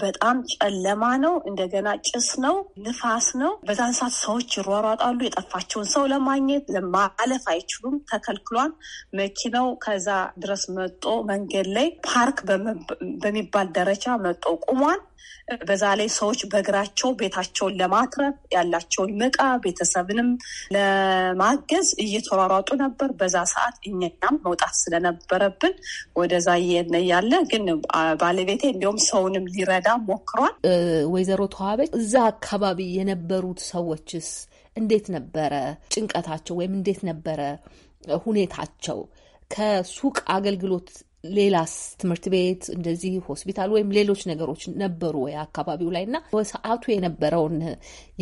በጣም ጨለማ ነው። እንደገና ጭስ ነው፣ ንፋስ ነው። በዛን ሰዓት ሰዎች ይሯሯጣሉ። የጠፋቸውን ሰው ለማግኘት ለማለፍ አይችሉም፣ ተከልክሏል። መኪናው ከዛ ድረስ መጦ መንገድ ላይ ፓርክ በሚባል ደረጃ መጦ ቁሟል። በዛ ላይ ሰዎች በእግራቸው ቤታቸውን ለማትረፍ ያላቸውን ምቃ ቤተሰብንም ለማገዝ እየተሯሯጡ ነበር። በዛ ሰዓት እኛም መውጣት ስለነበረብን ወደዛ እየነ ያለ ግን ባለቤቴ እንዲሁም ሰውንም ሊረዳ ሞክሯል። ወይዘሮ ተዋበች እዛ አካባቢ የነበሩት ሰዎችስ እንዴት ነበረ ጭንቀታቸው ወይም እንዴት ነበረ ሁኔታቸው? ከሱቅ አገልግሎት ሌላስ ትምህርት ቤት እንደዚህ ሆስፒታል ወይም ሌሎች ነገሮች ነበሩ ወይ አካባቢው ላይ እና በሰዓቱ የነበረውን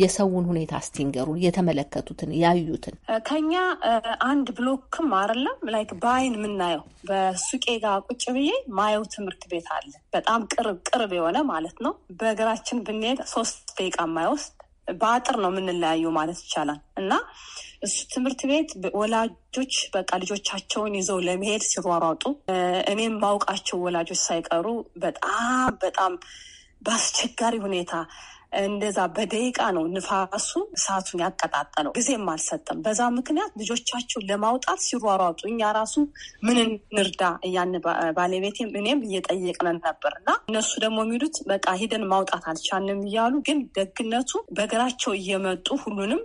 የሰውን ሁኔታ አስቲንገሩ የተመለከቱትን ያዩትን ከኛ አንድ ብሎክም አይደለም ላይክ በአይን የምናየው በሱቄ ጋር ቁጭ ብዬ ማየው ትምህርት ቤት አለ። በጣም ቅርብ ቅርብ የሆነ ማለት ነው። በእግራችን ብንሄድ ሶስት ደቂቃ የማይወስድ በአጥር ነው የምንለያዩ ማለት ይቻላል እና ትምህርት ቤት ወላጆች በቃ ልጆቻቸውን ይዘው ለመሄድ ሲሯሯጡ እኔም ማውቃቸው ወላጆች ሳይቀሩ በጣም በጣም በአስቸጋሪ ሁኔታ እንደዛ በደቂቃ ነው ንፋሱ እሳቱን ያቀጣጠለው። ጊዜም አልሰጠም። በዛ ምክንያት ልጆቻቸውን ለማውጣት ሲሯሯጡ እኛ ራሱ ምን እንርዳ እያን ባለቤቴም እኔም እየጠየቅነን ነበር እና እነሱ ደግሞ የሚሉት በቃ ሂደን ማውጣት አልቻንም እያሉ ግን ደግነቱ በእግራቸው እየመጡ ሁሉንም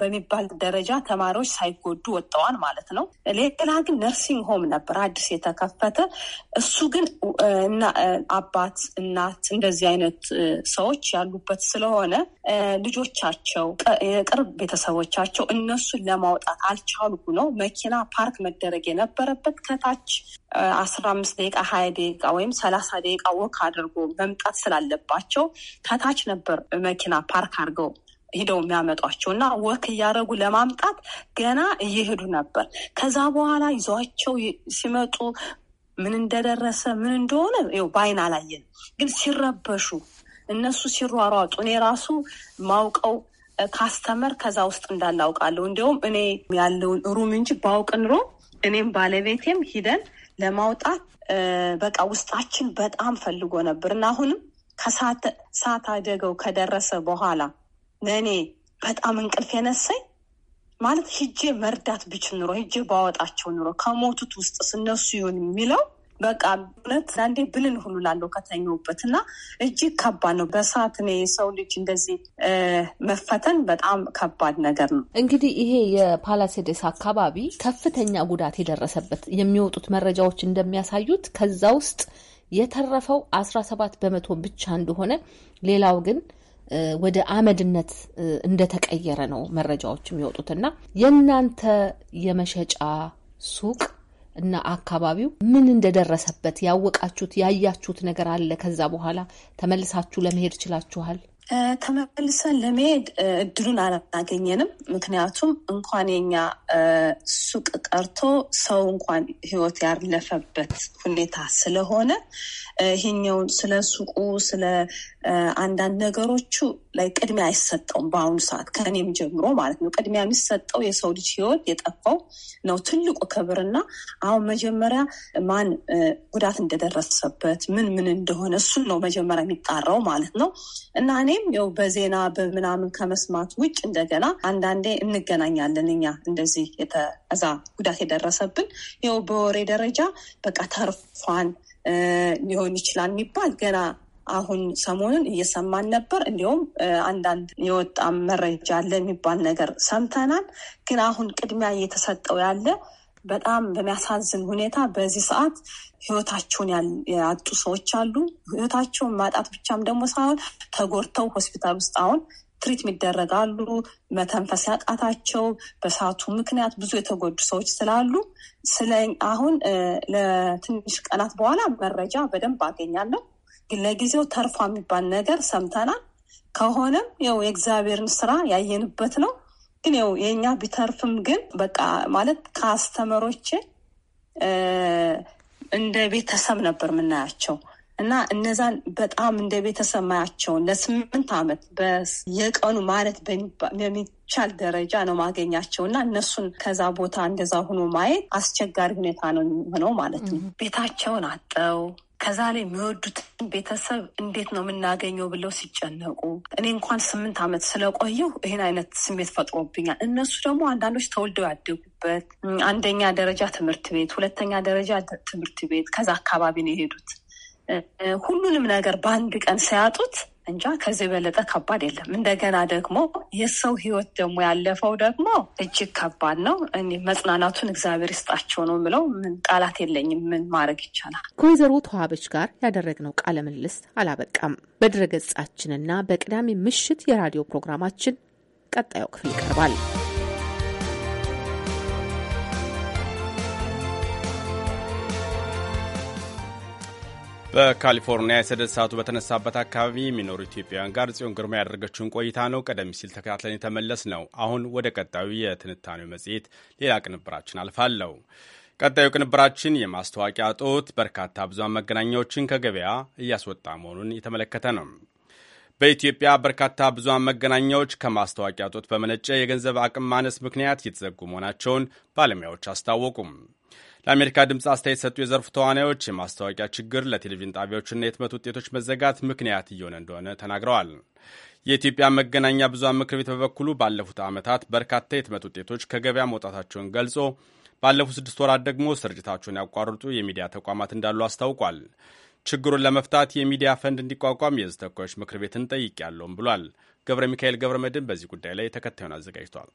በሚባል ደረጃ ተማሪዎች ሳይጎዱ ወጥተዋል ማለት ነው። ሌላ ግን ነርሲንግ ሆም ነበር አዲስ የተከፈተ። እሱ ግን አባት፣ እናት እንደዚህ አይነት ሰዎች ያሉበት ስለሆነ ልጆቻቸው፣ የቅርብ ቤተሰቦቻቸው እነሱን ለማውጣት አልቻሉ ነው። መኪና ፓርክ መደረግ የነበረበት ከታች አስራ አምስት ደቂቃ ሀያ ደቂቃ ወይም ሰላሳ ደቂቃ ወክ አድርጎ መምጣት ስላለባቸው ከታች ነበር መኪና ፓርክ አድርገው ሂደው የሚያመጧቸው እና ወክ እያደረጉ ለማምጣት ገና እየሄዱ ነበር። ከዛ በኋላ ይዟቸው ሲመጡ ምን እንደደረሰ ምን እንደሆነ ው በአይን አላየን፣ ግን ሲረበሹ እነሱ ሲሯሯጡ እኔ ራሱ ማውቀው ካስተመር ከዛ ውስጥ እንዳላውቃለሁ። እንዲሁም እኔ ያለውን ሩም እንጂ ባውቅ ኑሮ እኔም ባለቤቴም ሂደን ለማውጣት በቃ ውስጣችን በጣም ፈልጎ ነበር እና አሁንም ከሰዓት አደገው ከደረሰ በኋላ ለእኔ በጣም እንቅልፍ የነሳኝ ማለት ሂጄ መርዳት ብችል ኑሮ ሂጄ ባወጣቸው ኑሮ ከሞቱት ውስጥ ስነሱ ይሁን የሚለው በቃ እውነት አንዴ ብልን ሁሉ ላለው ከተኘውበት እና እጅግ ከባድ ነው። በሰዓት ነው የሰው ልጅ እንደዚህ መፈተን በጣም ከባድ ነገር ነው። እንግዲህ ይሄ የፓላሴዴስ አካባቢ ከፍተኛ ጉዳት የደረሰበት የሚወጡት መረጃዎች እንደሚያሳዩት ከዛ ውስጥ የተረፈው አስራ ሰባት በመቶ ብቻ እንደሆነ ሌላው ግን ወደ አመድነት እንደተቀየረ ነው መረጃዎች የሚወጡትና የእናንተ የመሸጫ ሱቅ እና አካባቢው ምን እንደደረሰበት ያወቃችሁት ያያችሁት ነገር አለ? ከዛ በኋላ ተመልሳችሁ ለመሄድ ችላችኋል? ተመልሰን ለመሄድ እድሉን አላገኘንም። ምክንያቱም እንኳን የኛ ሱቅ ቀርቶ ሰው እንኳን ሕይወት ያለፈበት ሁኔታ ስለሆነ ይሄኛውን ስለ ሱቁ ስለ አንዳንድ ነገሮቹ ላይ ቅድሚያ አይሰጠውም። በአሁኑ ሰዓት ከኔም ጀምሮ ማለት ነው ቅድሚያ የሚሰጠው የሰው ልጅ ህይወት የጠፋው ነው ትልቁ ክብርና አሁን መጀመሪያ ማን ጉዳት እንደደረሰበት ምን ምን እንደሆነ እሱን ነው መጀመሪያ የሚጣራው ማለት ነው እና እኔ እኔም ያው በዜና በምናምን ከመስማት ውጭ እንደገና አንዳንዴ እንገናኛለን። እኛ እንደዚህ የተዛ ጉዳት የደረሰብን ያው በወሬ ደረጃ በቃ ተርፏን ሊሆን ይችላል የሚባል ገና አሁን ሰሞኑን እየሰማን ነበር። እንዲሁም አንዳንድ የወጣ መረጃ አለ የሚባል ነገር ሰምተናል። ግን አሁን ቅድሚያ እየተሰጠው ያለ በጣም በሚያሳዝን ሁኔታ በዚህ ሰዓት ህይወታቸውን ያጡ ሰዎች አሉ። ህይወታቸውን ማጣት ብቻም ደግሞ ሳይሆን ተጎድተው ሆስፒታል ውስጥ አሁን ትሪት ይደረጋሉ። መተንፈስ ያቃታቸው በሳቱ ምክንያት ብዙ የተጎዱ ሰዎች ስላሉ ስለ አሁን ለትንሽ ቀናት በኋላ መረጃ በደንብ አገኛለሁ። ግን ለጊዜው ተርፏ የሚባል ነገር ሰምተናል። ከሆነም ያው የእግዚአብሔርን ስራ ያየንበት ነው። ግን የእኛ ቢተርፍም ግን በቃ ማለት ከአስተመሮቼ እንደ ቤተሰብ ነበር የምናያቸው እና እነዛን በጣም እንደ ቤተሰብ ማያቸውን ለስምንት ዓመት የቀኑ ማለት በሚቻል ደረጃ ነው ማገኛቸው እና እነሱን ከዛ ቦታ እንደዛ ሆኖ ማየት አስቸጋሪ ሁኔታ ነው የሚሆነው ማለት ነው። ቤታቸውን አጠው ከዛ ላይ የሚወዱትን ቤተሰብ እንዴት ነው የምናገኘው ብለው ሲጨነቁ እኔ እንኳን ስምንት ዓመት ስለቆዩ ይህን አይነት ስሜት ፈጥሮብኛል። እነሱ ደግሞ አንዳንዶች ተወልደው ያደጉበት አንደኛ ደረጃ ትምህርት ቤት፣ ሁለተኛ ደረጃ ትምህርት ቤት ከዛ አካባቢ ነው የሄዱት። ሁሉንም ነገር በአንድ ቀን ሲያጡት እንጃ ከዚህ የበለጠ ከባድ የለም። እንደገና ደግሞ የሰው ህይወት ደግሞ ያለፈው ደግሞ እጅግ ከባድ ነው። እኔ መጽናናቱን እግዚአብሔር ይስጣቸው ነው ብለው ምን ቃላት የለኝም። ምን ማድረግ ይቻላል? ከወይዘሮ ተዋበች ጋር ያደረግነው ቃለ ምልልስ አላበቃም። በድረገጻችንና በቅዳሜ ምሽት የራዲዮ ፕሮግራማችን ቀጣዩ ክፍል ይቀርባል። በካሊፎርኒያ የሰደድ እሳቱ በተነሳበት አካባቢ የሚኖሩ ኢትዮጵያውያን ጋር ጽዮን ግርማ ያደረገችውን ቆይታ ነው ቀደም ሲል ተከታትለን የተመለስ ነው። አሁን ወደ ቀጣዩ የትንታኔው መጽሔት ሌላ ቅንብራችን አልፋለሁ። ቀጣዩ ቅንብራችን የማስታወቂያ እጦት በርካታ ብዙሃን መገናኛዎችን ከገበያ እያስወጣ መሆኑን የተመለከተ ነው። በኢትዮጵያ በርካታ ብዙሃን መገናኛዎች ከማስታወቂያ እጦት በመነጨ የገንዘብ አቅም ማነስ ምክንያት እየተዘጉ መሆናቸውን ባለሙያዎች አስታወቁም። ለአሜሪካ ድምፅ አስተያየት ሰጡ የዘርፉ ተዋናዮች የማስታወቂያ ችግር ለቴሌቪዥን ጣቢያዎችና የህትመት ውጤቶች መዘጋት ምክንያት እየሆነ እንደሆነ ተናግረዋል። የኢትዮጵያ መገናኛ ብዙሃን ምክር ቤት በበኩሉ ባለፉት ዓመታት በርካታ የህትመት ውጤቶች ከገበያ መውጣታቸውን ገልጾ ባለፉት ስድስት ወራት ደግሞ ስርጭታቸውን ያቋርጡ የሚዲያ ተቋማት እንዳሉ አስታውቋል። ችግሩን ለመፍታት የሚዲያ ፈንድ እንዲቋቋም የህዝብ ተወካዮች ምክር ቤትን ጠይቄያለሁም ብሏል። ገብረ ሚካኤል ገብረ መድን በዚህ ጉዳይ ላይ ተከታዩን አዘጋጅቷል።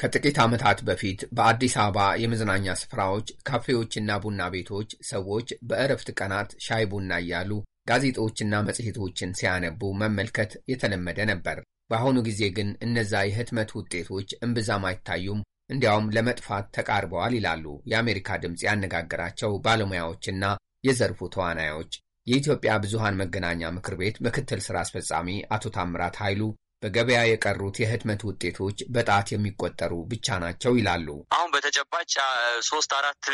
ከጥቂት ዓመታት በፊት በአዲስ አበባ የመዝናኛ ስፍራዎች፣ ካፌዎችና ቡና ቤቶች ሰዎች በእረፍት ቀናት ሻይ ቡና እያሉ ጋዜጦችና መጽሔቶችን ሲያነቡ መመልከት የተለመደ ነበር። በአሁኑ ጊዜ ግን እነዛ የህትመት ውጤቶች እምብዛም አይታዩም፣ እንዲያውም ለመጥፋት ተቃርበዋል ይላሉ የአሜሪካ ድምፅ ያነጋገራቸው ባለሙያዎችና የዘርፉ ተዋናዮች። የኢትዮጵያ ብዙሃን መገናኛ ምክር ቤት ምክትል ሥራ አስፈጻሚ አቶ ታምራት ኃይሉ በገበያ የቀሩት የህትመት ውጤቶች በጣት የሚቆጠሩ ብቻ ናቸው ይላሉ። አሁን በተጨባጭ ሶስት አራት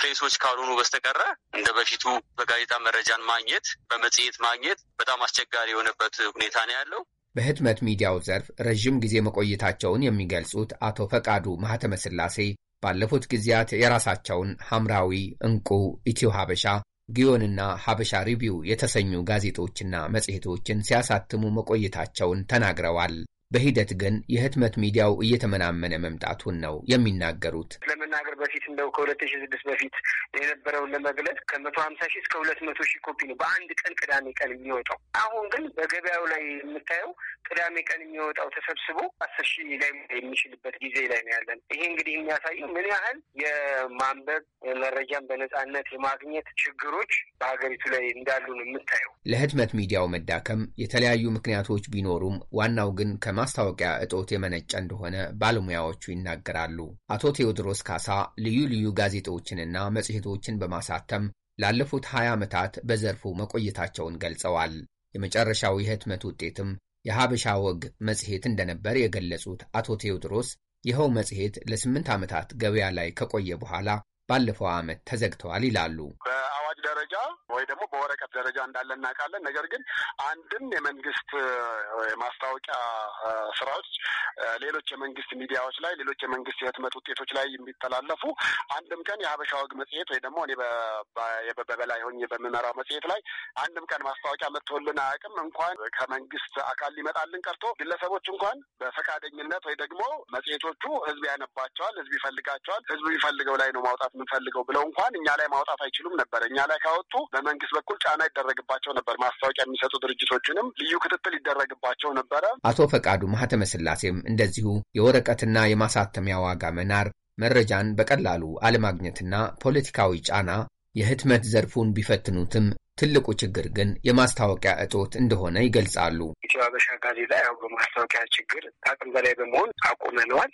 ፕሬሶች ካልሆኑ በስተቀረ እንደ በፊቱ በጋዜጣ መረጃን ማግኘት በመጽሔት ማግኘት በጣም አስቸጋሪ የሆነበት ሁኔታ ነው ያለው። በህትመት ሚዲያው ዘርፍ ረዥም ጊዜ መቆየታቸውን የሚገልጹት አቶ ፈቃዱ ማህተመ ስላሴ ባለፉት ጊዜያት የራሳቸውን ሐምራዊ፣ እንቁ ኢትዮ ሀበሻ፣ ጊዮንና ሀበሻ ሪቪው የተሰኙ ጋዜጦችና መጽሔቶችን ሲያሳትሙ መቆየታቸውን ተናግረዋል። በሂደት ግን የህትመት ሚዲያው እየተመናመነ መምጣቱን ነው የሚናገሩት። ለመናገር በፊት እንደው ከሁለት ሺ ስድስት በፊት የነበረውን ለመግለጽ ከመቶ ሀምሳ ሺ እስከ ሁለት መቶ ሺ ኮፒ ነው በአንድ ቀን ቅዳሜ ቀን የሚወጣው። አሁን ግን በገበያው ላይ የምታየው ቅዳሜ ቀን የሚወጣው ተሰብስቦ አስር ሺ ላይ የሚችልበት ጊዜ ላይ ነው ያለን። ይሄ እንግዲህ የሚያሳየው ምን ያህል የማንበብ መረጃን በነጻነት የማግኘት ችግሮች በሀገሪቱ ላይ እንዳሉ ነው የምታየው። ለህትመት ሚዲያው መዳከም የተለያዩ ምክንያቶች ቢኖሩም ዋናው ግን ከማ ከማስታወቂያ እጦት የመነጨ እንደሆነ ባለሙያዎቹ ይናገራሉ። አቶ ቴዎድሮስ ካሳ ልዩ ልዩ ጋዜጦችንና መጽሔቶችን በማሳተም ላለፉት 20 ዓመታት በዘርፉ መቆየታቸውን ገልጸዋል። የመጨረሻው የህትመት ውጤትም የሀበሻ ወግ መጽሔት እንደነበር የገለጹት አቶ ቴዎድሮስ ይኸው መጽሔት ለስምንት ዓመታት ገበያ ላይ ከቆየ በኋላ ባለፈው ዓመት ተዘግተዋል ይላሉ። በአዋጅ ደረጃ ወይ ደግሞ በወረቀት ደረጃ እንዳለ እናውቃለን። ነገር ግን አንድም የመንግስት ማስታወቂያ ስራዎች ሌሎች የመንግስት ሚዲያዎች ላይ፣ ሌሎች የመንግስት የህትመት ውጤቶች ላይ የሚተላለፉ አንድም ቀን የሀበሻ ወግ መጽሔት ወይ ደግሞ እኔ በበላይ ሆኜ በምመራው መጽሔት ላይ አንድም ቀን ማስታወቂያ መጥቶልን አያውቅም። እንኳን ከመንግስት አካል ሊመጣልን ቀርቶ ግለሰቦች እንኳን በፈቃደኝነት ወይ ደግሞ መጽሔቶቹ ህዝብ ያነባቸዋል፣ ህዝብ ይፈልጋቸዋል፣ ህዝብ የሚፈልገው ላይ ነው ማውጣት የምንፈልገው ብለው እንኳን እኛ ላይ ማውጣት አይችሉም ነበር። ላይ ካወጡ በመንግስት በኩል ጫና ይደረግባቸው ነበር። ማስታወቂያ የሚሰጡ ድርጅቶችንም ልዩ ክትትል ይደረግባቸው ነበረ። አቶ ፈቃዱ ማህተመ ስላሴም እንደዚሁ የወረቀትና የማሳተሚያ ዋጋ መናር፣ መረጃን በቀላሉ አለማግኘትና ፖለቲካዊ ጫና የህትመት ዘርፉን ቢፈትኑትም ትልቁ ችግር ግን የማስታወቂያ እጦት እንደሆነ ይገልጻሉ። ኢትዮ አበሻ ጋዜጣ ያው በማስታወቂያ ችግር ከአቅም በላይ በመሆን አቁመነዋል።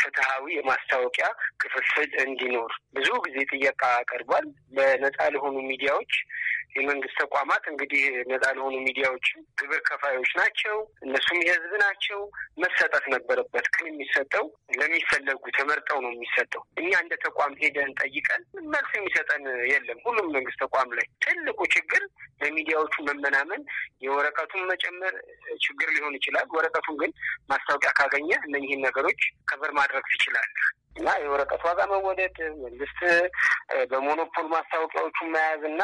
ፍትሐዊ የማስታወቂያ ክፍፍል እንዲኖር ብዙ ጊዜ ጥያቄ ቀርቧል። በነፃ ለሆኑ ሚዲያዎች የመንግስት ተቋማት እንግዲህ ነጻ ለሆኑ ሚዲያዎች ግብር ከፋዮች ናቸው፣ እነሱም የህዝብ ናቸው፣ መሰጠት ነበረበት። ግን የሚሰጠው ለሚፈለጉ ተመርጠው ነው የሚሰጠው። እኛ እንደ ተቋም ሄደን ጠይቀን መልስ የሚሰጠን የለም። ሁሉም መንግስት ተቋም ላይ ትልቁ ችግር ለሚዲያዎቹ መመናመን፣ የወረቀቱን መጨመር ችግር ሊሆን ይችላል። ወረቀቱን ግን ማስታወቂያ ካገኘ እነኝህን ነገሮች ከበር ማድረግ ትችላለህ። እና የወረቀት ዋጋ መወደድ፣ መንግስት በሞኖፖል ማስታወቂያዎቹን መያዝ እና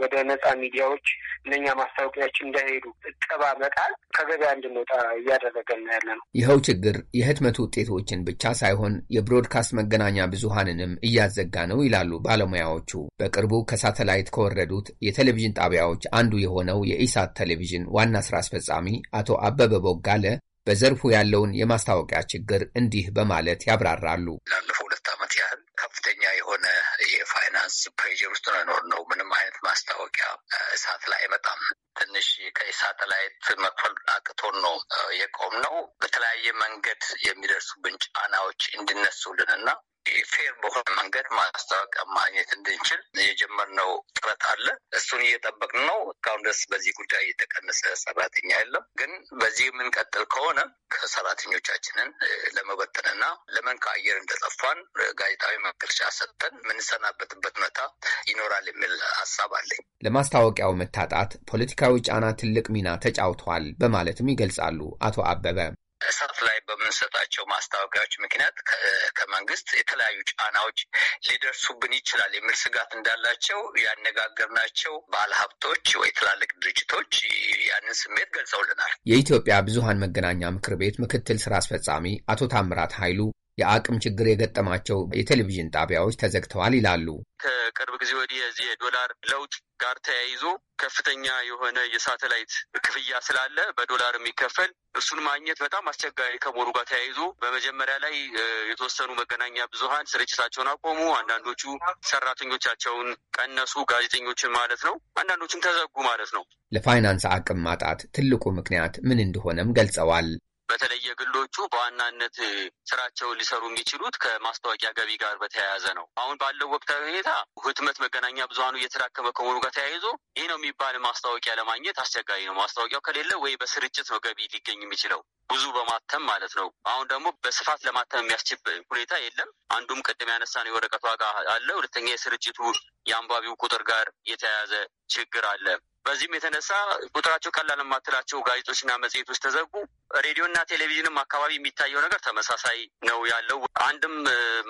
ወደ ነጻ ሚዲያዎች እነኛ ማስታወቂያዎች እንዳይሄዱ እቀባ መጣል ከገበያ እንድንወጣ እያደረገና ያለ ነው። ይኸው ችግር የህትመት ውጤቶችን ብቻ ሳይሆን የብሮድካስት መገናኛ ብዙሃንንም እያዘጋ ነው ይላሉ ባለሙያዎቹ። በቅርቡ ከሳተላይት ከወረዱት የቴሌቪዥን ጣቢያዎች አንዱ የሆነው የኢሳት ቴሌቪዥን ዋና ስራ አስፈጻሚ አቶ አበበ ቦጋለ በዘርፉ ያለውን የማስታወቂያ ችግር እንዲህ በማለት ያብራራሉ። ላለፈው ሁለት ዓመት ያህል ከፍተኛ የሆነ የፋ ቢያንስ ፕሬር ውስጥ ነው የኖርነው። ምንም አይነት ማስታወቂያ እሳት ላይ አይመጣም። ትንሽ ከሳተላይት መክፈል አቅቶን ነው የቆም ነው። በተለያየ መንገድ የሚደርሱብን ጫናዎች እንዲነሱልን እና ፌር በሆነ መንገድ ማስታወቂያ ማግኘት እንድንችል የጀመርነው ጥረት አለ። እሱን እየጠበቅን ነው። እስካሁን ድረስ በዚህ ጉዳይ የተቀነሰ ሰራተኛ የለም። ግን በዚህ የምንቀጥል ከሆነ ከሰራተኞቻችንን ለመበተንና ለምን ከአየር እንደጠፋን ጋዜጣዊ መግለጫ ሰጥተን የምንሰናበትበት ሁኔታ ይኖራል የሚል ሀሳብ አለኝ። ለማስታወቂያው መታጣት ፖለቲካዊ ጫና ትልቅ ሚና ተጫውተዋል በማለትም ይገልጻሉ አቶ አበበ። እሳት ላይ በምንሰጣቸው ማስታወቂያዎች ምክንያት ከመንግስት የተለያዩ ጫናዎች ሊደርሱብን ይችላል የሚል ስጋት እንዳላቸው ያነጋገርናቸው ባለሀብቶች ወይ ትላልቅ ድርጅቶች ያንን ስሜት ገልጸውልናል። የኢትዮጵያ ብዙሀን መገናኛ ምክር ቤት ምክትል ስራ አስፈጻሚ አቶ ታምራት ኃይሉ የአቅም ችግር የገጠማቸው የቴሌቪዥን ጣቢያዎች ተዘግተዋል ይላሉ። ከቅርብ ጊዜ ወዲህ የዚህ የዶላር ለውጥ ጋር ተያይዞ ከፍተኛ የሆነ የሳተላይት ክፍያ ስላለ በዶላር የሚከፈል እሱን ማግኘት በጣም አስቸጋሪ ከመሆኑ ጋር ተያይዞ በመጀመሪያ ላይ የተወሰኑ መገናኛ ብዙኃን ስርጭታቸውን አቆሙ። አንዳንዶቹ ሰራተኞቻቸውን ቀነሱ፣ ጋዜጠኞችን ማለት ነው። አንዳንዶቹም ተዘጉ ማለት ነው። ለፋይናንስ አቅም ማጣት ትልቁ ምክንያት ምን እንደሆነም ገልጸዋል። በተለይ የግሎቹ በዋናነት ስራቸውን ሊሰሩ የሚችሉት ከማስታወቂያ ገቢ ጋር በተያያዘ ነው። አሁን ባለው ወቅታዊ ሁኔታ ህትመት መገናኛ ብዙሀኑ እየተዳከመ ከመሆኑ ጋር ተያይዞ ይህ ነው የሚባል ማስታወቂያ ለማግኘት አስቸጋሪ ነው። ማስታወቂያው ከሌለ ወይ በስርጭት ነው ገቢ ሊገኝ የሚችለው ብዙ በማተም ማለት ነው። አሁን ደግሞ በስፋት ለማተም የሚያስችል ሁኔታ የለም። አንዱም ቅድም ያነሳ ነው የወረቀቱ ዋጋ አለ። ሁለተኛ የስርጭቱ የአንባቢው ቁጥር ጋር የተያያዘ ችግር አለ። በዚህም የተነሳ ቁጥራቸው ቀላል የማትላቸው ጋዜጦችና መጽሔቶች ተዘጉ። ሬዲዮና ቴሌቪዥንም አካባቢ የሚታየው ነገር ተመሳሳይ ነው ያለው። አንድም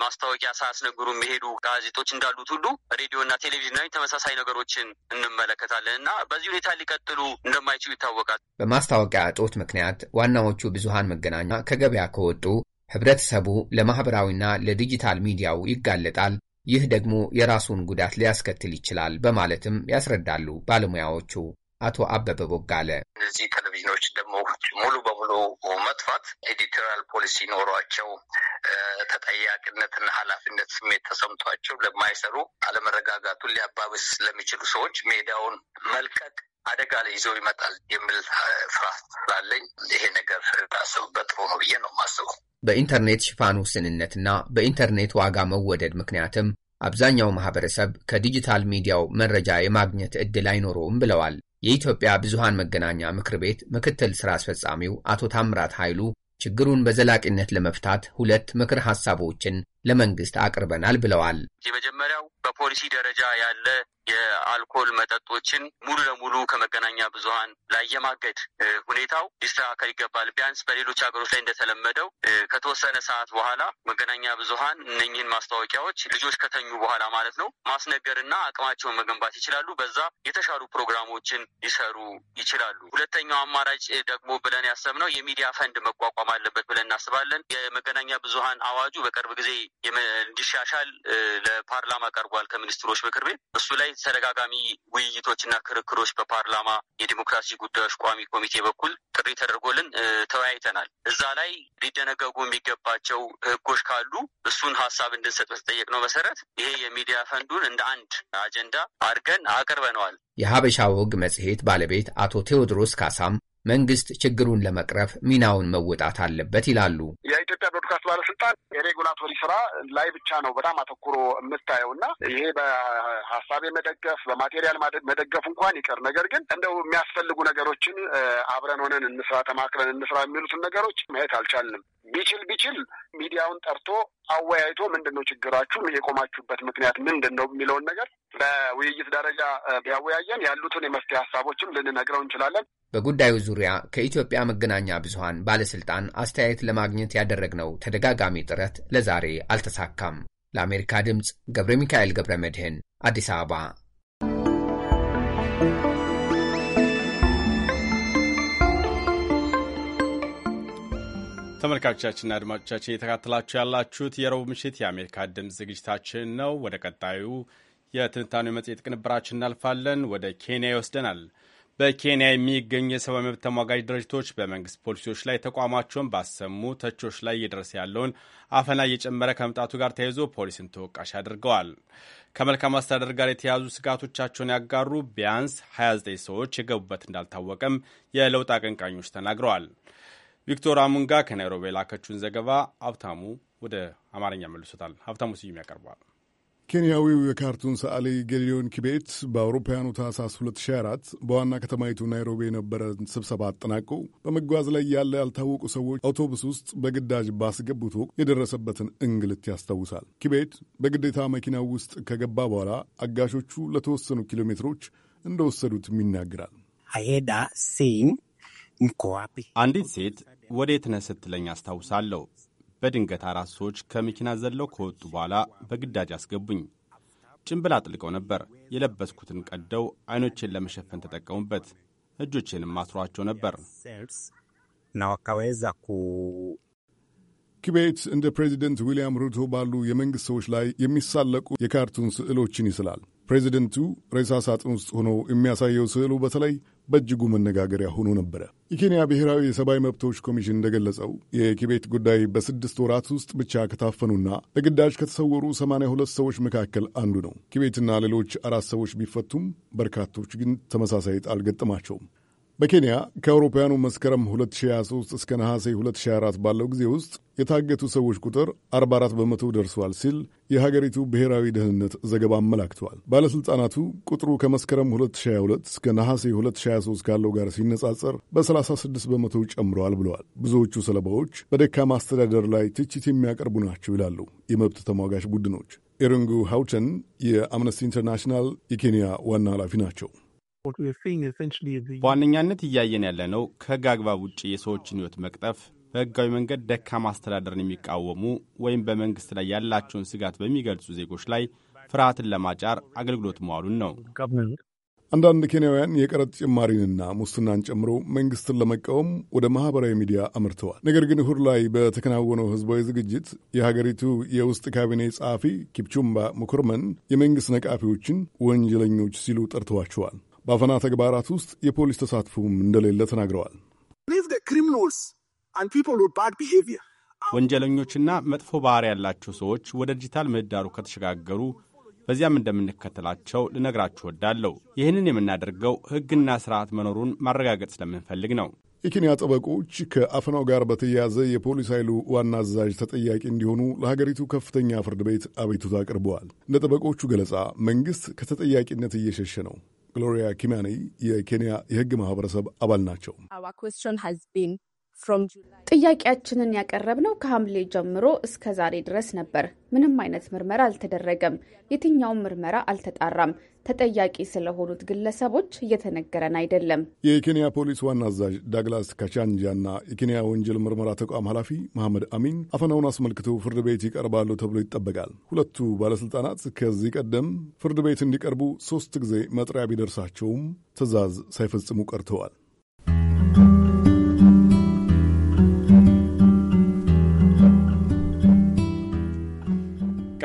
ማስታወቂያ ሳያስነግሩ የሚሄዱ ጋዜጦች እንዳሉት ሁሉ ሬዲዮና ቴሌቪዥን ላይ ተመሳሳይ ነገሮችን እንመለከታለን እና በዚህ ሁኔታ ሊቀጥሉ እንደማይችሉ ይታወቃል። በማስታወቂያ እጦት ምክንያት ዋናዎቹ ብዙሃን መገናኛ ከገበያ ከወጡ ህብረተሰቡ ለማህበራዊና ለዲጂታል ሚዲያው ይጋለጣል፣ ይህ ደግሞ የራሱን ጉዳት ሊያስከትል ይችላል በማለትም ያስረዳሉ ባለሙያዎቹ። አቶ አበበ ቦጋለ እነዚህ ቴሌቪዥኖች ደግሞ ሙሉ በሙሉ መጥፋት ኤዲቶሪያል ፖሊሲ ኖሯቸው ተጠያቂነትና ኃላፊነት ስሜት ተሰምቷቸው ለማይሰሩ አለመረጋጋቱን ሊያባብስ ለሚችሉ ሰዎች ሜዳውን መልቀቅ አደጋ ላይ ይዘው ይመጣል የሚል ፍርሃት ስላለኝ ይሄ ነገር ታስቡበት ጥሩ ነው ብዬ ነው የማስበው። በኢንተርኔት ሽፋን ውስንነትና በኢንተርኔት ዋጋ መወደድ ምክንያትም አብዛኛው ማህበረሰብ ከዲጂታል ሚዲያው መረጃ የማግኘት ዕድል አይኖረውም ብለዋል የኢትዮጵያ ብዙሃን መገናኛ ምክር ቤት ምክትል ሥራ አስፈጻሚው አቶ ታምራት ኃይሉ። ችግሩን በዘላቂነት ለመፍታት ሁለት ምክር ሐሳቦችን ለመንግስት አቅርበናል ብለዋል። የመጀመሪያው በፖሊሲ ደረጃ ያለ የአልኮል መጠጦችን ሙሉ ለሙሉ ከመገናኛ ብዙኃን ላይ የማገድ ሁኔታው ሊስተካከል ይገባል። ቢያንስ በሌሎች ሀገሮች ላይ እንደተለመደው ከተወሰነ ሰዓት በኋላ መገናኛ ብዙኃን እነኝህን ማስታወቂያዎች ልጆች ከተኙ በኋላ ማለት ነው ማስነገርና አቅማቸውን መገንባት ይችላሉ። በዛ የተሻሉ ፕሮግራሞችን ሊሰሩ ይችላሉ። ሁለተኛው አማራጭ ደግሞ ብለን ያሰብነው የሚዲያ ፈንድ መቋቋም አለበት ብለን እናስባለን። የመገናኛ ብዙኃን አዋጁ በቅርብ ጊዜ እንዲሻሻል ለፓርላማ ቀርቧል ከሚኒስትሮች ምክር ቤት። እሱ ላይ ተደጋጋሚ ውይይቶችና ክርክሮች በፓርላማ የዲሞክራሲ ጉዳዮች ቋሚ ኮሚቴ በኩል ጥሪ ተደርጎልን ተወያይተናል። እዛ ላይ ሊደነገጉ የሚገባቸው ህጎች ካሉ እሱን ሀሳብ እንድንሰጥ በተጠየቅነው መሰረት ይሄ የሚዲያ ፈንዱን እንደ አንድ አጀንዳ አድርገን አቅርበነዋል። የሀበሻ ወግ መጽሔት ባለቤት አቶ ቴዎድሮስ ካሳም መንግስት ችግሩን ለመቅረፍ ሚናውን መወጣት አለበት ይላሉ። የኢትዮጵያ ብሮድካስት ባለስልጣን የሬጉላቶሪ ስራ ላይ ብቻ ነው በጣም አተኩሮ የምታየው እና ይሄ በሀሳብ መደገፍ በማቴሪያል መደገፍ እንኳን ይቀር፣ ነገር ግን እንደው የሚያስፈልጉ ነገሮችን አብረን ሆነን እንስራ፣ ተማክረን እንስራ የሚሉትን ነገሮች ማየት አልቻልንም። ቢችል ቢችል ሚዲያውን ጠርቶ አወያይቶ ምንድን ነው ችግራችሁ፣ የቆማችሁበት ምክንያት ምንድን ነው የሚለውን ነገር በውይይት ደረጃ ቢያወያየን ያሉትን የመፍትሄ ሀሳቦችም ልንነግረው እንችላለን። በጉዳዩ ዙሪያ ከኢትዮጵያ መገናኛ ብዙኃን ባለስልጣን አስተያየት ለማግኘት ያደረግነው ተደጋጋሚ ጥረት ለዛሬ አልተሳካም። ለአሜሪካ ድምፅ ገብረ ሚካኤል ገብረ መድህን አዲስ አበባ ተመልካቾቻችንና አድማጮቻችን እየተካተላችሁ ያላችሁት የረቡዕ ምሽት የአሜሪካ ድምፅ ዝግጅታችን ነው። ወደ ቀጣዩ የትንታኔው መጽሔት ቅንብራችን እናልፋለን። ወደ ኬንያ ይወስደናል። በኬንያ የሚገኙ የሰብአዊ መብት ተሟጋጅ ድርጅቶች በመንግስት ፖሊሲዎች ላይ ተቋማቸውን ባሰሙ ተቾች ላይ እየደረሰ ያለውን አፈና እየጨመረ ከመምጣቱ ጋር ተያይዞ ፖሊስን ተወቃሽ አድርገዋል። ከመልካም አስተዳደር ጋር የተያዙ ስጋቶቻቸውን ያጋሩ ቢያንስ 29 ሰዎች የገቡበት እንዳልታወቀም የለውጥ አቀንቃኞች ተናግረዋል። ቪክቶር አሙንጋ ከናይሮቢ የላከችውን ዘገባ ሀብታሙ ወደ አማርኛ መልሶታል። ሀብታሙ ስዩም ያቀርበዋል። ኬንያዊው የካርቱን ሰዓሊ ጌሊዮን ኪቤት በአውሮፓውያኑ ታህሳስ 204 በዋና ከተማይቱ ናይሮቢ የነበረ ስብሰባ አጠናቆ በመጓዝ ላይ ያለ ያልታወቁ ሰዎች አውቶቡስ ውስጥ በግዳጅ ባስገቡት ወቅት የደረሰበትን እንግልት ያስታውሳል። ኪቤት በግዴታ መኪናው ውስጥ ከገባ በኋላ አጋሾቹ ለተወሰኑ ኪሎሜትሮች እንደወሰዱትም ይናገራል። አሄዳ አንዲት ሴት ወዴት ነህ ስትለኝ አስታውሳለሁ። በድንገት አራት ሰዎች ከመኪና ዘለው ከወጡ በኋላ በግዳጅ አስገቡኝ። ጭንብል አጥልቀው ነበር። የለበስኩትን ቀደው አይኖቼን ለመሸፈን ተጠቀሙበት። እጆቼንም አስሯቸው ነበር ኪቤት እንደ ፕሬዚደንት ዊልያም ሩቶ ባሉ የመንግሥት ሰዎች ላይ የሚሳለቁ የካርቱን ስዕሎችን ይስላል። ፕሬዚደንቱ ሬሳ ሳጥን ውስጥ ሆኖ የሚያሳየው ስዕሉ በተለይ በእጅጉ መነጋገሪያ ሆኖ ነበረ። የኬንያ ብሔራዊ የሰብአዊ መብቶች ኮሚሽን እንደገለጸው የኪቤት ጉዳይ በስድስት ወራት ውስጥ ብቻ ከታፈኑና በግዳጅ ከተሰወሩ ሰማንያ ሁለት ሰዎች መካከል አንዱ ነው። ኪቤትና ሌሎች አራት ሰዎች ቢፈቱም በርካቶች ግን ተመሳሳይ ዕጣ አልገጠማቸውም። በኬንያ ከአውሮፓውያኑ መስከረም 2023 እስከ ነሐሴ 2024 ባለው ጊዜ ውስጥ የታገቱ ሰዎች ቁጥር 44 በመቶ ደርሷል ሲል የሀገሪቱ ብሔራዊ ደህንነት ዘገባ አመላክተዋል። ባለሥልጣናቱ ቁጥሩ ከመስከረም 2022 እስከ ነሐሴ 2023 ካለው ጋር ሲነጻጸር በ36 በመቶ ጨምረዋል ብለዋል። ብዙዎቹ ሰለባዎች በደካማ አስተዳደር ላይ ትችት የሚያቀርቡ ናቸው ይላሉ የመብት ተሟጋች ቡድኖች። ኤሩንጉ ሃውተን የአምነስቲ ኢንተርናሽናል የኬንያ ዋና ኃላፊ ናቸው። በዋነኛነት እያየን ያለ ነው። ከህግ አግባብ ውጭ የሰዎችን ህይወት መቅጠፍ በህጋዊ መንገድ ደካማ አስተዳደርን የሚቃወሙ ወይም በመንግስት ላይ ያላቸውን ስጋት በሚገልጹ ዜጎች ላይ ፍርሃትን ለማጫር አገልግሎት መዋሉን ነው። አንዳንድ ኬንያውያን የቀረጥ ጭማሪንና ሙስናን ጨምሮ መንግስትን ለመቃወም ወደ ማኅበራዊ ሚዲያ አምርተዋል። ነገር ግን እሁድ ላይ በተከናወነው ህዝባዊ ዝግጅት የሀገሪቱ የውስጥ ካቢኔ ጸሐፊ ኪፕቹምባ ሙኩርመን የመንግሥት ነቃፊዎችን ወንጀለኞች ሲሉ ጠርተዋቸዋል። በአፈና ተግባራት ውስጥ የፖሊስ ተሳትፎም እንደሌለ ተናግረዋል። ወንጀለኞችና መጥፎ ባህሪ ያላቸው ሰዎች ወደ ዲጂታል ምህዳሩ ከተሸጋገሩ በዚያም እንደምንከተላቸው ልነግራችሁ እወዳለሁ። ይህንን የምናደርገው ሕግና ስርዓት መኖሩን ማረጋገጥ ስለምንፈልግ ነው። የኬንያ ጠበቆች ከአፈናው ጋር በተያያዘ የፖሊስ ኃይሉ ዋና አዛዥ ተጠያቂ እንዲሆኑ ለሀገሪቱ ከፍተኛ ፍርድ ቤት አቤቱታ አቅርበዋል። እንደ ጠበቆቹ ገለጻ መንግሥት ከተጠያቂነት እየሸሸ ነው። ግሎሪያ ኪማኒ የኬንያ የህግ ማህበረሰብ አባል ናቸው። ጥያቄያችንን ያቀረብነው ከሐምሌ ጀምሮ እስከ ዛሬ ድረስ ነበር። ምንም አይነት ምርመራ አልተደረገም። የትኛውም ምርመራ አልተጣራም። ተጠያቂ ስለሆኑት ግለሰቦች እየተነገረን አይደለም። የኬንያ ፖሊስ ዋና አዛዥ ዳግላስ ካቻንጃ እና የኬንያ ወንጀል ምርመራ ተቋም ኃላፊ መሐመድ አሚን አፈናውን አስመልክቶ ፍርድ ቤት ይቀርባሉ ተብሎ ይጠበቃል። ሁለቱ ባለስልጣናት ከዚህ ቀደም ፍርድ ቤት እንዲቀርቡ ሶስት ጊዜ መጥሪያ ቢደርሳቸውም ትዕዛዝ ሳይፈጽሙ ቀርተዋል።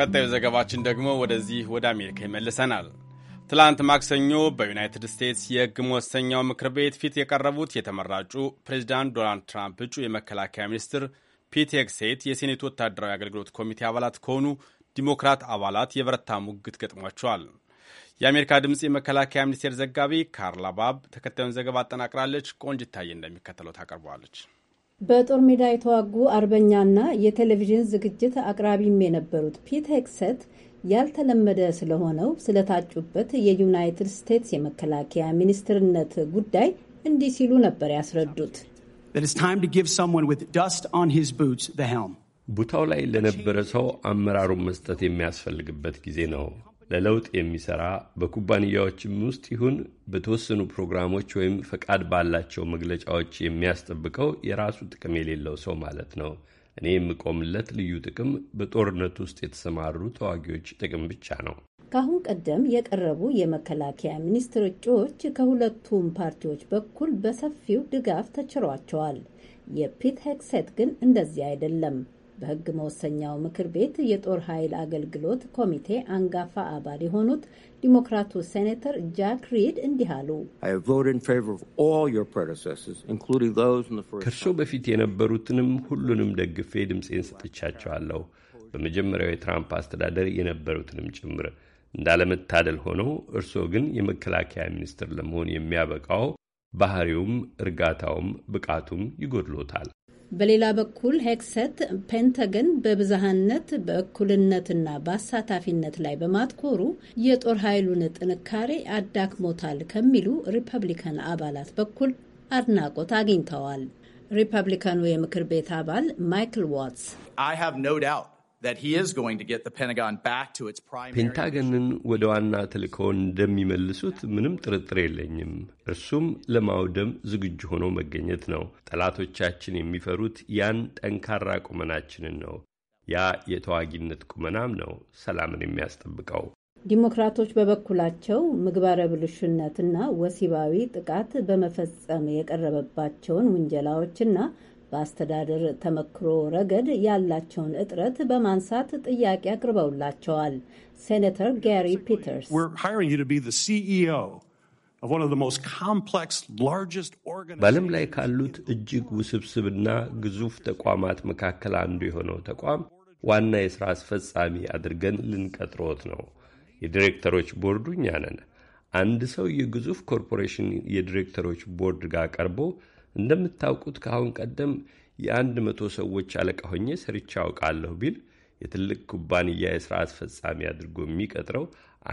ቀጣዩ ዘገባችን ደግሞ ወደዚህ ወደ አሜሪካ ይመልሰናል። ትላንት ማክሰኞ በዩናይትድ ስቴትስ የሕግ መወሰኛው ምክር ቤት ፊት የቀረቡት የተመራጩ ፕሬዚዳንት ዶናልድ ትራምፕ እጩ የመከላከያ ሚኒስትር ፒት ሄግሴት የሴኔቱ ወታደራዊ አገልግሎት ኮሚቴ አባላት ከሆኑ ዲሞክራት አባላት የበረታ ሙግት ገጥሟቸዋል። የአሜሪካ ድምፅ የመከላከያ ሚኒስቴር ዘጋቢ ካርላ ባብ ተከታዩን ዘገባ አጠናቅራለች። ቆንጅታዬ እንደሚከተለው ታቀርበዋለች። በጦር ሜዳ የተዋጉ አርበኛና የቴሌቪዥን ዝግጅት አቅራቢም የነበሩት ፒት ሄክሰት ያልተለመደ ስለሆነው ስለታጩበት የዩናይትድ ስቴትስ የመከላከያ ሚኒስትርነት ጉዳይ እንዲህ ሲሉ ነበር ያስረዱት። ቦታው ላይ ለነበረ ሰው አመራሩን መስጠት የሚያስፈልግበት ጊዜ ነው። ለለውጥ የሚሰራ በኩባንያዎችም ውስጥ ይሁን በተወሰኑ ፕሮግራሞች ወይም ፈቃድ ባላቸው መግለጫዎች የሚያስጠብቀው የራሱ ጥቅም የሌለው ሰው ማለት ነው። እኔ የምቆምለት ልዩ ጥቅም በጦርነት ውስጥ የተሰማሩ ተዋጊዎች ጥቅም ብቻ ነው። ከአሁን ቀደም የቀረቡ የመከላከያ ሚኒስትር እጩዎች ከሁለቱም ፓርቲዎች በኩል በሰፊው ድጋፍ ተችሯቸዋል። የፒት ሄክሴት ግን እንደዚህ አይደለም። በሕግ መወሰኛው ምክር ቤት የጦር ኃይል አገልግሎት ኮሚቴ አንጋፋ አባል የሆኑት ዲሞክራቱ ሴኔተር ጃክ ሪድ እንዲህ አሉ። ከእርሶ በፊት የነበሩትንም ሁሉንም ደግፌ ድምፄን ሰጥቻቸዋለሁ፣ በመጀመሪያው የትራምፕ አስተዳደር የነበሩትንም ጭምር። እንዳለመታደል ሆኖ እርሶ ግን የመከላከያ ሚኒስትር ለመሆን የሚያበቃው ባህሪውም እርጋታውም ብቃቱም ይጎድሎታል። በሌላ በኩል ሄክሰት ፔንተገን በብዝሃነት በእኩልነትና በአሳታፊነት ላይ በማትኮሩ የጦር ኃይሉን ጥንካሬ አዳክሞታል ከሚሉ ሪፐብሊካን አባላት በኩል አድናቆት አግኝተዋል። ሪፐብሊካኑ የምክር ቤት አባል ማይክል ዋትስ ፔንታገንን ወደ ዋና ተልእኮ እንደሚመልሱት ምንም ጥርጥር የለኝም። እርሱም ለማውደም ዝግጁ ሆኖ መገኘት ነው። ጠላቶቻችን የሚፈሩት ያን ጠንካራ ቁመናችንን ነው። ያ የተዋጊነት ቁመናም ነው ሰላምን የሚያስጠብቀው። ዲሞክራቶች በበኩላቸው ምግባረ ብልሹነትና ወሲባዊ ጥቃት በመፈጸም የቀረበባቸውን ውንጀላዎችና በአስተዳደር ተመክሮ ረገድ ያላቸውን እጥረት በማንሳት ጥያቄ አቅርበውላቸዋል። ሴኔተር ጋሪ ፒተርስ e በዓለም ላይ ካሉት እጅግ ውስብስብና ግዙፍ ተቋማት መካከል አንዱ የሆነው ተቋም ዋና የሥራ አስፈጻሚ አድርገን ልንቀጥሮት ነው። የዲሬክተሮች ቦርዱ እኛ ነን። አንድ ሰው የግዙፍ ኮርፖሬሽን የዲሬክተሮች ቦርድ ጋር ቀርቦ እንደምታውቁት ከአሁን ቀደም የአንድ መቶ ሰዎች አለቃ ሆኜ ሰርቻ አውቃለሁ ቢል የትልቅ ኩባንያ የሥራ አስፈጻሚ አድርጎ የሚቀጥረው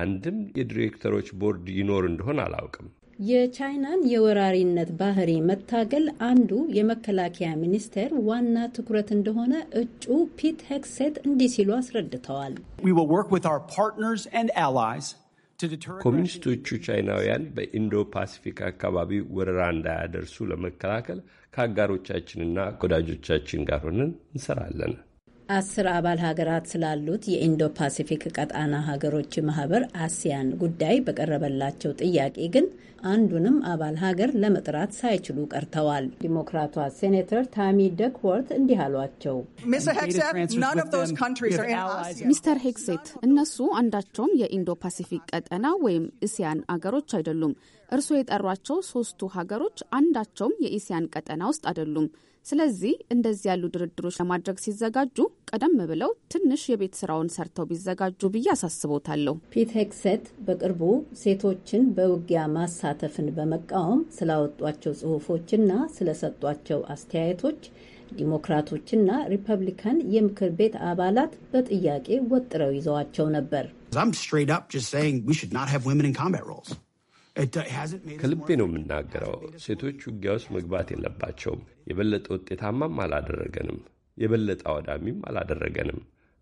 አንድም የዲሬክተሮች ቦርድ ይኖር እንደሆን አላውቅም። የቻይናን የወራሪነት ባህሪ መታገል አንዱ የመከላከያ ሚኒስቴር ዋና ትኩረት እንደሆነ እጩ ፒት ሄክሴት እንዲህ ሲሉ አስረድተዋል። ኮሚኒስቶቹ ቻይናውያን በኢንዶ ፓሲፊክ አካባቢ ወረራ እንዳያደርሱ ለመከላከል ከአጋሮቻችንና ከወዳጆቻችን ጋር ሆነን እንሰራለን። አስር አባል ሀገራት ስላሉት የኢንዶ ፓሲፊክ ቀጣና ሀገሮች ማህበር አሲያን ጉዳይ በቀረበላቸው ጥያቄ ግን አንዱንም አባል ሀገር ለመጥራት ሳይችሉ ቀርተዋል። ዲሞክራቷ ሴኔተር ታሚ ደክወርት እንዲህ አሏቸው። ሚስተር ሄክሴት፣ እነሱ አንዳቸውም የኢንዶ ፓሲፊክ ቀጠና ወይም እስያን አገሮች አይደሉም። እርስዎ የጠሯቸው ሶስቱ ሀገሮች አንዳቸውም የኢስያን ቀጠና ውስጥ አይደሉም። ስለዚህ እንደዚህ ያሉ ድርድሮች ለማድረግ ሲዘጋጁ ቀደም ብለው ትንሽ የቤት ስራውን ሰርተው ቢዘጋጁ ብዬ አሳስቦታለሁ። ፒት ሄግሴት በቅርቡ ሴቶችን በውጊያ ማሳተፍን በመቃወም ስላወጧቸው ጽሁፎችና ስለሰጧቸው አስተያየቶች ዲሞክራቶችና ሪፐብሊካን የምክር ቤት አባላት በጥያቄ ወጥረው ይዘዋቸው ነበር። ከልቤ ነው የምናገረው። ሴቶች ውጊያ ውስጥ መግባት የለባቸውም። የበለጠ ውጤታማም አላደረገንም፣ የበለጠ አወዳሚም አላደረገንም።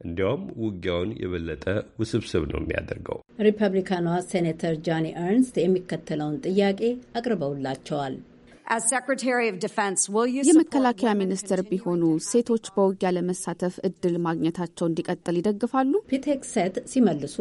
እንዲያውም ውጊያውን የበለጠ ውስብስብ ነው የሚያደርገው። ሪፐብሊካኗ ሴኔተር ጃኒ ኤርንስት የሚከተለውን ጥያቄ አቅርበውላቸዋል። የመከላከያ ሚኒስትር ቢሆኑ ሴቶች በውጊያ ለመሳተፍ እድል ማግኘታቸው እንዲቀጥል ይደግፋሉ? ፒቴክሰት ሲመልሱ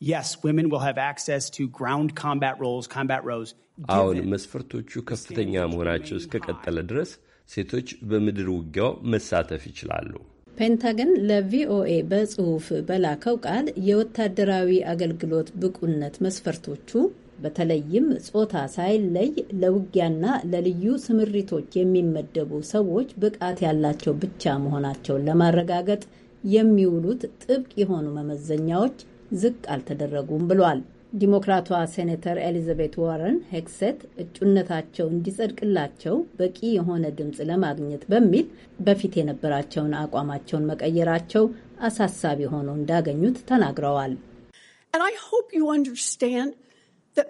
yes, women will have access to ground combat roles, combat rows. አሁን መስፈርቶቹ ከፍተኛ መሆናቸው እስከቀጠለ ድረስ ሴቶች በምድር ውጊያው መሳተፍ ይችላሉ። ፔንታገን ለቪኦኤ በጽሁፍ በላከው ቃል የወታደራዊ አገልግሎት ብቁነት መስፈርቶቹ በተለይም ጾታ ሳይለይ ለውጊያና ለልዩ ስምሪቶች የሚመደቡ ሰዎች ብቃት ያላቸው ብቻ መሆናቸውን ለማረጋገጥ የሚውሉት ጥብቅ የሆኑ መመዘኛዎች ዝቅ አልተደረጉም ብሏል። ዲሞክራቷ ሴኔተር ኤሊዛቤት ዋረን ሄክሴት እጩነታቸው እንዲጸድቅላቸው በቂ የሆነ ድምፅ ለማግኘት በሚል በፊት የነበራቸውን አቋማቸውን መቀየራቸው አሳሳቢ ሆኖ እንዳገኙት ተናግረዋል። And I hope you understand ጦር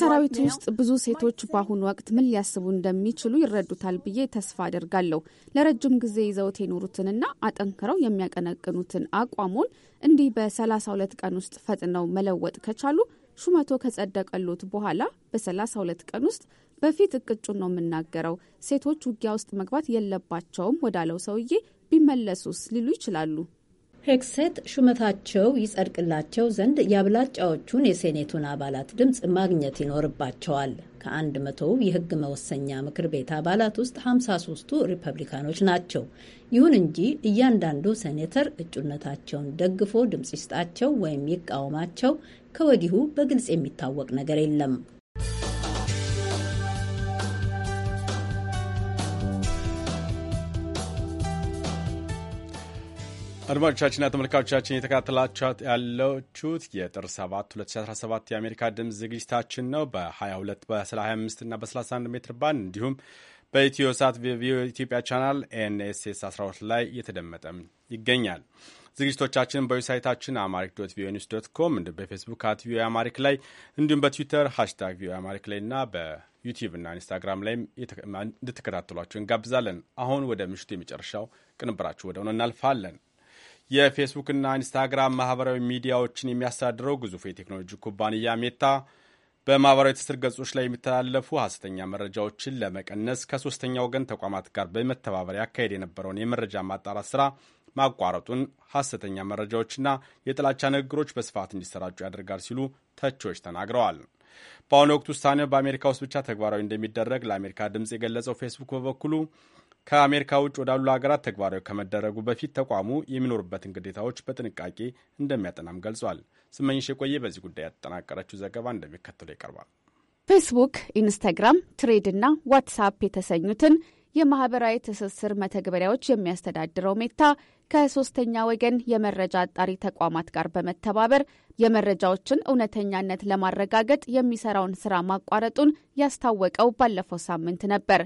ሰራዊት ውስጥ ብዙ ሴቶች በአሁኑ ወቅት ምን ሊያስቡ እንደሚችሉ ይረዱታል ብዬ ተስፋ አደርጋለሁ። ለረጅም ጊዜ ይዘውት የኖሩትንና አጠንክረው የሚያቀነቅኑትን አቋሙን እንዲህ በ32 ቀን ውስጥ ፈጥነው መለወጥ ከቻሉ ሹመቶ ከጸደቀሎት በኋላ በ32 ቀን ውስጥ በፊት እቅጩን ነው የምናገረው፣ ሴቶች ውጊያ ውስጥ መግባት የለባቸውም ወዳለው ሰውዬ ቢመለሱስ ሊሉ ይችላሉ። ሄክሴት ሹመታቸው ይጸድቅላቸው ዘንድ የአብላጫዎቹን የሴኔቱን አባላት ድምፅ ማግኘት ይኖርባቸዋል። ከአንድ መቶው የህግ መወሰኛ ምክር ቤት አባላት ውስጥ 53ቱ ሪፐብሊካኖች ናቸው። ይሁን እንጂ እያንዳንዱ ሴኔተር እጩነታቸውን ደግፎ ድምፅ ይስጣቸው ወይም ይቃወማቸው ከወዲሁ በግልጽ የሚታወቅ ነገር የለም። አድማጮቻችንና ተመልካቾቻችን የተከታተላችሁት ያለችሁት የጥር 7 2017 የአሜሪካ ድምፅ ዝግጅታችን ነው። በ22 በ25 እና በ31 ሜትር ባንድ እንዲሁም በኢትዮ ሳት ኢትዮጵያ ቻናል ኤንኤስኤስ 12 ላይ እየተደመጠም ይገኛል። ዝግጅቶቻችን በዌብሳይታችን አማሪክ ዶት ቪኦኤ ኒውስ ዶት ኮም እንዲሁም በፌስቡክ አት ቪኦኤ አማሪክ ላይ እንዲሁም በትዊተር ሃሽታግ ቪኦኤ አማሪክ ላይ እና በዩቲዩብ እና ኢንስታግራም ላይም እንድትከታተሏቸው እንጋብዛለን። አሁን ወደ ምሽቱ የመጨረሻው ቅንብራችሁ ወደ ሆነ እናልፋለን። የፌስቡክና ኢንስታግራም ማህበራዊ ሚዲያዎችን የሚያስተዳድረው ግዙፍ የቴክኖሎጂ ኩባንያ ሜታ በማህበራዊ ትስስር ገጾች ላይ የሚተላለፉ ሀሰተኛ መረጃዎችን ለመቀነስ ከሶስተኛ ወገን ተቋማት ጋር በመተባበር ያካሄድ የነበረውን የመረጃ ማጣራት ስራ ማቋረጡን ሀሰተኛ መረጃዎችና የጥላቻ ንግግሮች በስፋት እንዲሰራጩ ያደርጋል ሲሉ ተቾች ተናግረዋል። በአሁኑ ወቅት ውሳኔው በአሜሪካ ውስጥ ብቻ ተግባራዊ እንደሚደረግ ለአሜሪካ ድምፅ የገለጸው ፌስቡክ በበኩሉ ከአሜሪካ ውጭ ወዳሉ ሀገራት ተግባራዊ ከመደረጉ በፊት ተቋሙ የሚኖርበትን ግዴታዎች በጥንቃቄ እንደሚያጠናም ገልጿል። ስመኝሽ የቆየ በዚህ ጉዳይ ያጠናቀረችው ዘገባ እንደሚከተለው ይቀርባል። ፌስቡክ፣ ኢንስታግራም፣ ትሬድ እና ዋትሳፕ የተሰኙትን የማህበራዊ ትስስር መተግበሪያዎች የሚያስተዳድረው ሜታ ከሶስተኛ ወገን የመረጃ አጣሪ ተቋማት ጋር በመተባበር የመረጃዎችን እውነተኛነት ለማረጋገጥ የሚሰራውን ስራ ማቋረጡን ያስታወቀው ባለፈው ሳምንት ነበር።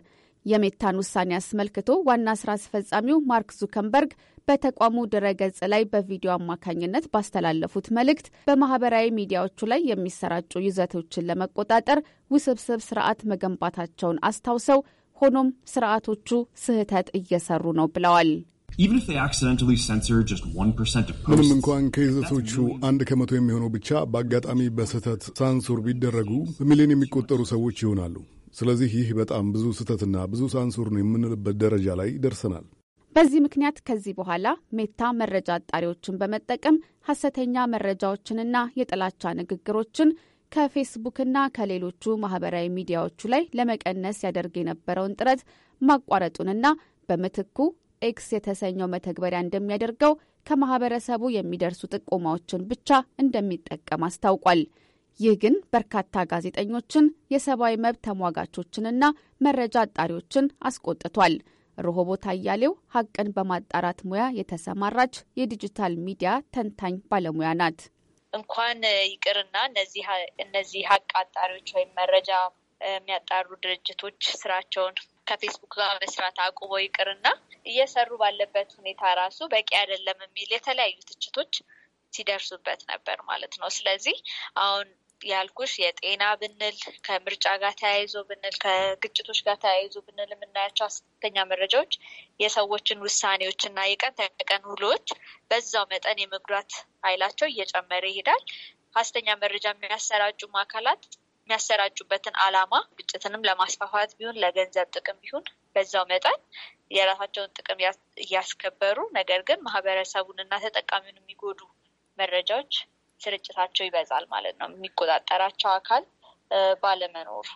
የሜታን ውሳኔ አስመልክቶ ዋና ስራ አስፈጻሚው ማርክ ዙከንበርግ በተቋሙ ድረገጽ ላይ በቪዲዮ አማካኝነት ባስተላለፉት መልእክት በማህበራዊ ሚዲያዎቹ ላይ የሚሰራጩ ይዘቶችን ለመቆጣጠር ውስብስብ ስርዓት መገንባታቸውን አስታውሰው ሆኖም ስርዓቶቹ ስህተት እየሰሩ ነው ብለዋል። ምንም እንኳን ከይዘቶቹ አንድ ከመቶ የሚሆነው ብቻ በአጋጣሚ በስህተት ሳንሱር ቢደረጉ በሚሊዮን የሚቆጠሩ ሰዎች ይሆናሉ። ስለዚህ ይህ በጣም ብዙ ስህተትና ብዙ ሳንሱርን የምንልበት ደረጃ ላይ ደርሰናል። በዚህ ምክንያት ከዚህ በኋላ ሜታ መረጃ አጣሪዎችን በመጠቀም ሐሰተኛ መረጃዎችንና የጥላቻ ንግግሮችን ከፌስቡክና ከሌሎቹ ማህበራዊ ሚዲያዎቹ ላይ ለመቀነስ ያደርግ የነበረውን ጥረት ማቋረጡንና በምትኩ ኤክስ የተሰኘው መተግበሪያ እንደሚያደርገው ከማህበረሰቡ የሚደርሱ ጥቆማዎችን ብቻ እንደሚጠቀም አስታውቋል። ይህ ግን በርካታ ጋዜጠኞችን፣ የሰብአዊ መብት ተሟጋቾችንና መረጃ አጣሪዎችን አስቆጥቷል። ሮሆቦት አያሌው ሀቅን በማጣራት ሙያ የተሰማራች የዲጂታል ሚዲያ ተንታኝ ባለሙያ ናት። እንኳን ይቅርና እነዚህ ሀቅ አጣሪዎች ወይም መረጃ የሚያጣሩ ድርጅቶች ስራቸውን ከፌስቡክ ጋር መስራት አቁቦ ይቅርና እየሰሩ ባለበት ሁኔታ ራሱ በቂ አይደለም የሚል የተለያዩ ትችቶች ሲደርሱበት ነበር ማለት ነው። ስለዚህ አሁን ያልኩሽ የጤና ብንል ከምርጫ ጋር ተያይዞ ብንል ከግጭቶች ጋር ተያይዞ ብንል የምናያቸው አስተኛ መረጃዎች የሰዎችን ውሳኔዎች እና የቀን ተቀን ውሎዎች በዛው መጠን የመጉዳት ኃይላቸው እየጨመረ ይሄዳል። አስተኛ መረጃ የሚያሰራጩም አካላት የሚያሰራጩበትን ዓላማ ግጭትንም ለማስፋፋት ቢሆን ለገንዘብ ጥቅም ቢሆን በዛው መጠን የራሳቸውን ጥቅም እያስከበሩ ነገር ግን ማህበረሰቡን እና ተጠቃሚውን የሚጎዱ መረጃዎች ስርጭታቸው ይበዛል ማለት ነው። የሚቆጣጠራቸው አካል ባለመኖር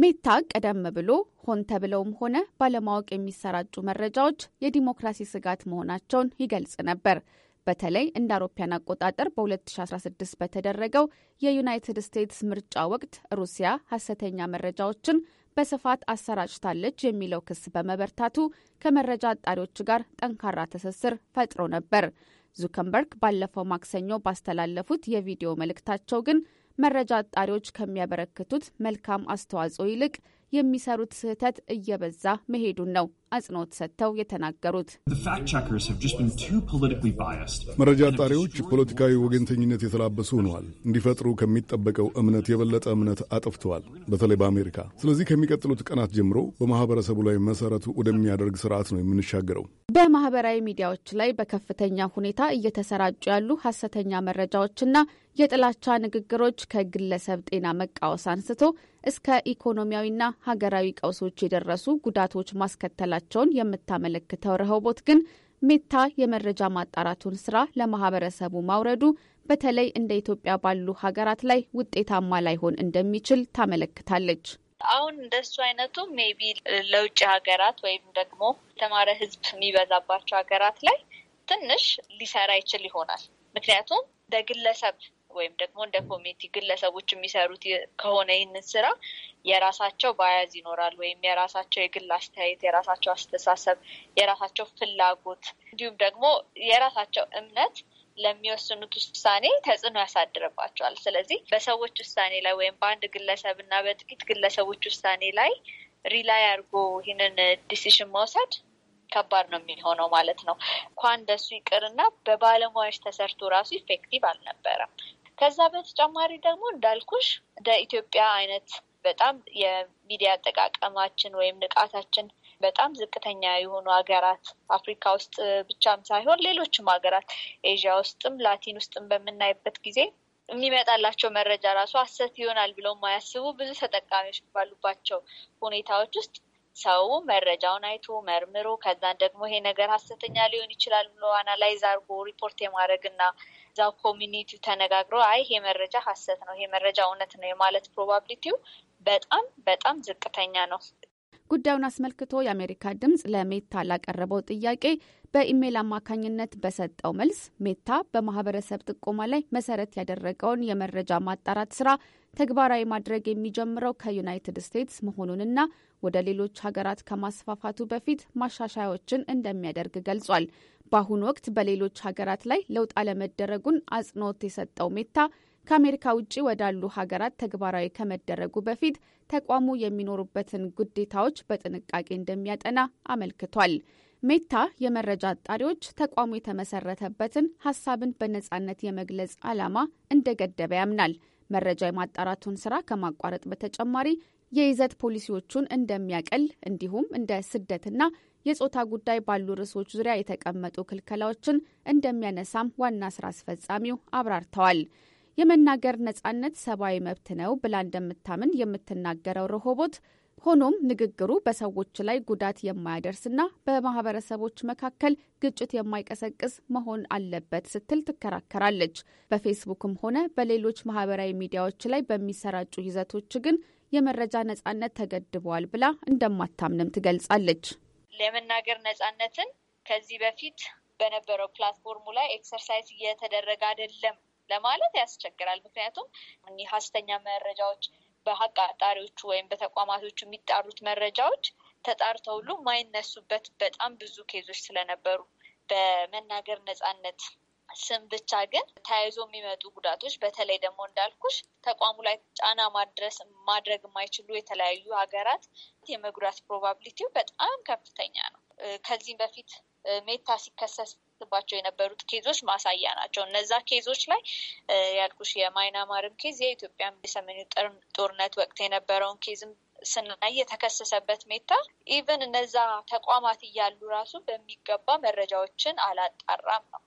ሜታ ቀደም ብሎ ሆን ተብለውም ሆነ ባለማወቅ የሚሰራጩ መረጃዎች የዲሞክራሲ ስጋት መሆናቸውን ይገልጽ ነበር። በተለይ እንደ አውሮፓያን አቆጣጠር በ2016 በተደረገው የዩናይትድ ስቴትስ ምርጫ ወቅት ሩሲያ ሐሰተኛ መረጃዎችን በስፋት አሰራጭታለች የሚለው ክስ በመበርታቱ ከመረጃ አጣሪዎች ጋር ጠንካራ ትስስር ፈጥሮ ነበር። ዙከንበርግ ባለፈው ማክሰኞ ባስተላለፉት የቪዲዮ መልእክታቸው ግን መረጃ አጣሪዎች ከሚያበረክቱት መልካም አስተዋጽኦ ይልቅ የሚሰሩት ስህተት እየበዛ መሄዱን ነው አጽንኦት ሰጥተው የተናገሩት መረጃ አጣሪዎች ፖለቲካዊ ወገንተኝነት የተላበሱ ሆነዋል። እንዲፈጥሩ ከሚጠበቀው እምነት የበለጠ እምነት አጥፍተዋል፣ በተለይ በአሜሪካ። ስለዚህ ከሚቀጥሉት ቀናት ጀምሮ በማህበረሰቡ ላይ መሰረቱ ወደሚያደርግ ስርዓት ነው የምንሻገረው። በማህበራዊ ሚዲያዎች ላይ በከፍተኛ ሁኔታ እየተሰራጩ ያሉ ሀሰተኛ መረጃዎችና የጥላቻ ንግግሮች ከግለሰብ ጤና መቃወስ አንስቶ እስከ ኢኮኖሚያዊና ሀገራዊ ቀውሶች የደረሱ ጉዳቶች ማስከተላቸው መሆናቸውን የምታመለክተው ረሆቦት ግን ሜታ የመረጃ ማጣራቱን ስራ ለማህበረሰቡ ማውረዱ በተለይ እንደ ኢትዮጵያ ባሉ ሀገራት ላይ ውጤታማ ላይሆን እንደሚችል ታመለክታለች። አሁን እንደሱ አይነቱ ሜቢ ለውጭ ሀገራት ወይም ደግሞ የተማረ ህዝብ የሚበዛባቸው ሀገራት ላይ ትንሽ ሊሰራ ይችል ይሆናል። ምክንያቱም ለግለሰብ ወይም ደግሞ እንደ ኮሚቲ ግለሰቦች የሚሰሩት ከሆነ ይህንን ስራ የራሳቸው ባያዝ ይኖራል፣ ወይም የራሳቸው የግል አስተያየት፣ የራሳቸው አስተሳሰብ፣ የራሳቸው ፍላጎት እንዲሁም ደግሞ የራሳቸው እምነት ለሚወስኑት ውሳኔ ተጽዕኖ ያሳድርባቸዋል። ስለዚህ በሰዎች ውሳኔ ላይ ወይም በአንድ ግለሰብ እና በጥቂት ግለሰቦች ውሳኔ ላይ ሪላይ አድርጎ ይህንን ዲሲሽን መውሰድ ከባድ ነው የሚሆነው ማለት ነው። እንኳን እንደሱ ይቅርና በባለሙያዎች ተሰርቶ ራሱ ኢፌክቲቭ አልነበረም። ከዛ በተጨማሪ ደግሞ እንዳልኩሽ እንደ ኢትዮጵያ አይነት በጣም የሚዲያ አጠቃቀማችን ወይም ንቃታችን በጣም ዝቅተኛ የሆኑ ሀገራት አፍሪካ ውስጥ ብቻም ሳይሆን ሌሎችም ሀገራት ኤዥያ ውስጥም ላቲን ውስጥም በምናይበት ጊዜ የሚመጣላቸው መረጃ ራሱ ሀሰት ይሆናል ብለው የማያስቡ ብዙ ተጠቃሚዎች ባሉባቸው ሁኔታዎች ውስጥ ሰው መረጃውን አይቶ መርምሮ ከዛን ደግሞ ይሄ ነገር ሀሰተኛ ሊሆን ይችላል ብሎ አናላይዝ አርጎ ሪፖርት እና እዛው ኮሚኒቲው ተነጋግሮ አይ ይሄ መረጃ ሀሰት ነው፣ ይሄ መረጃ እውነት ነው የማለት ፕሮባብሊቲው በጣም በጣም ዝቅተኛ ነው። ጉዳዩን አስመልክቶ የአሜሪካ ድምጽ ለሜታ ላቀረበው ጥያቄ በኢሜይል አማካኝነት በሰጠው መልስ ሜታ በማህበረሰብ ጥቆማ ላይ መሰረት ያደረገውን የመረጃ ማጣራት ስራ ተግባራዊ ማድረግ የሚጀምረው ከዩናይትድ ስቴትስ መሆኑንና ወደ ሌሎች ሀገራት ከማስፋፋቱ በፊት ማሻሻያዎችን እንደሚያደርግ ገልጿል። በአሁኑ ወቅት በሌሎች ሀገራት ላይ ለውጥ አለመደረጉን አጽንኦት የሰጠው ሜታ ከአሜሪካ ውጭ ወዳሉ ሀገራት ተግባራዊ ከመደረጉ በፊት ተቋሙ የሚኖሩበትን ግዴታዎች በጥንቃቄ እንደሚያጠና አመልክቷል። ሜታ የመረጃ አጣሪዎች ተቋሙ የተመሰረተበትን ሀሳብን በነጻነት የመግለጽ ዓላማ እንደገደበ ያምናል። መረጃ የማጣራቱን ስራ ከማቋረጥ በተጨማሪ የይዘት ፖሊሲዎቹን እንደሚያቀል እንዲሁም እንደ ስደትና የጾታ ጉዳይ ባሉ ርዕሶች ዙሪያ የተቀመጡ ክልከላዎችን እንደሚያነሳም ዋና ስራ አስፈጻሚው አብራርተዋል። የመናገር ነጻነት ሰብአዊ መብት ነው ብላ እንደምታምን የምትናገረው ረሆቦት ሆኖም ንግግሩ በሰዎች ላይ ጉዳት የማያደርስና በማህበረሰቦች መካከል ግጭት የማይቀሰቅስ መሆን አለበት ስትል ትከራከራለች። በፌስቡክም ሆነ በሌሎች ማህበራዊ ሚዲያዎች ላይ በሚሰራጩ ይዘቶች ግን የመረጃ ነጻነት ተገድበዋል ብላ እንደማታምንም ትገልጻለች። ለመናገር ነጻነትን ከዚህ በፊት በነበረው ፕላትፎርሙ ላይ ኤክሰርሳይዝ እየተደረገ አይደለም ለማለት ያስቸግራል። ምክንያቱም እኒህ ሀሰተኛ መረጃዎች በሀቅ አጣሪዎቹ ወይም በተቋማቶቹ የሚጣሩት መረጃዎች ተጣርተው ሁሉ ማይነሱበት በጣም ብዙ ኬዞች ስለነበሩ በመናገር ነጻነት ስም ብቻ ግን ተያይዞ የሚመጡ ጉዳቶች በተለይ ደግሞ እንዳልኩሽ ተቋሙ ላይ ጫና ማድረስ ማድረግ የማይችሉ የተለያዩ ሀገራት የመጉዳት ፕሮባብሊቲው በጣም ከፍተኛ ነው። ከዚህም በፊት ሜታ ሲከሰስባቸው የነበሩት ኬዞች ማሳያ ናቸው። እነዛ ኬዞች ላይ ያልኩሽ የማይናማርም ኬዝ የኢትዮጵያ የሰሜኑ ጦርነት ወቅት የነበረውን ኬዝም ስናይ የተከሰሰበት ሜታ ኢቨን እነዛ ተቋማት እያሉ ራሱ በሚገባ መረጃዎችን አላጣራም ነው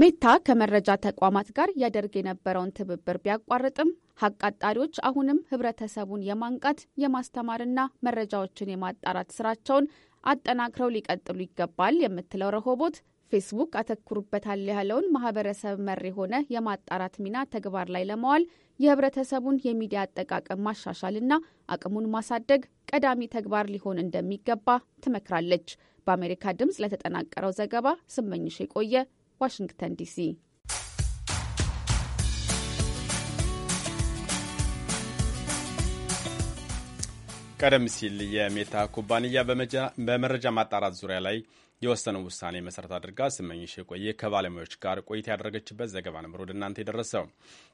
ሜታ ከመረጃ ተቋማት ጋር ያደርግ የነበረውን ትብብር ቢያቋርጥም ሀቅ አጣሪዎች አሁንም ህብረተሰቡን የማንቃት የማስተማርና መረጃዎችን የማጣራት ስራቸውን አጠናክረው ሊቀጥሉ ይገባል የምትለው ረሆቦት ፌስቡክ አተኩሩበታል ያለውን ማህበረሰብ መር የሆነ የማጣራት ሚና ተግባር ላይ ለማዋል የህብረተሰቡን የሚዲያ አጠቃቀም ማሻሻልና አቅሙን ማሳደግ ቀዳሚ ተግባር ሊሆን እንደሚገባ ትመክራለች። በአሜሪካ ድምፅ ለተጠናቀረው ዘገባ ስመኝሽ የቆየ ዋሽንግተን ዲሲ። ቀደም ሲል የሜታ ኩባንያ በመረጃ ማጣራት ዙሪያ ላይ የወሰነው ውሳኔ መሰረት አድርጋ ስመኝሽ የቆየ ከባለሙያዎች ጋር ቆይታ ያደረገችበት ዘገባ ነበር ወደ እናንተ የደረሰው።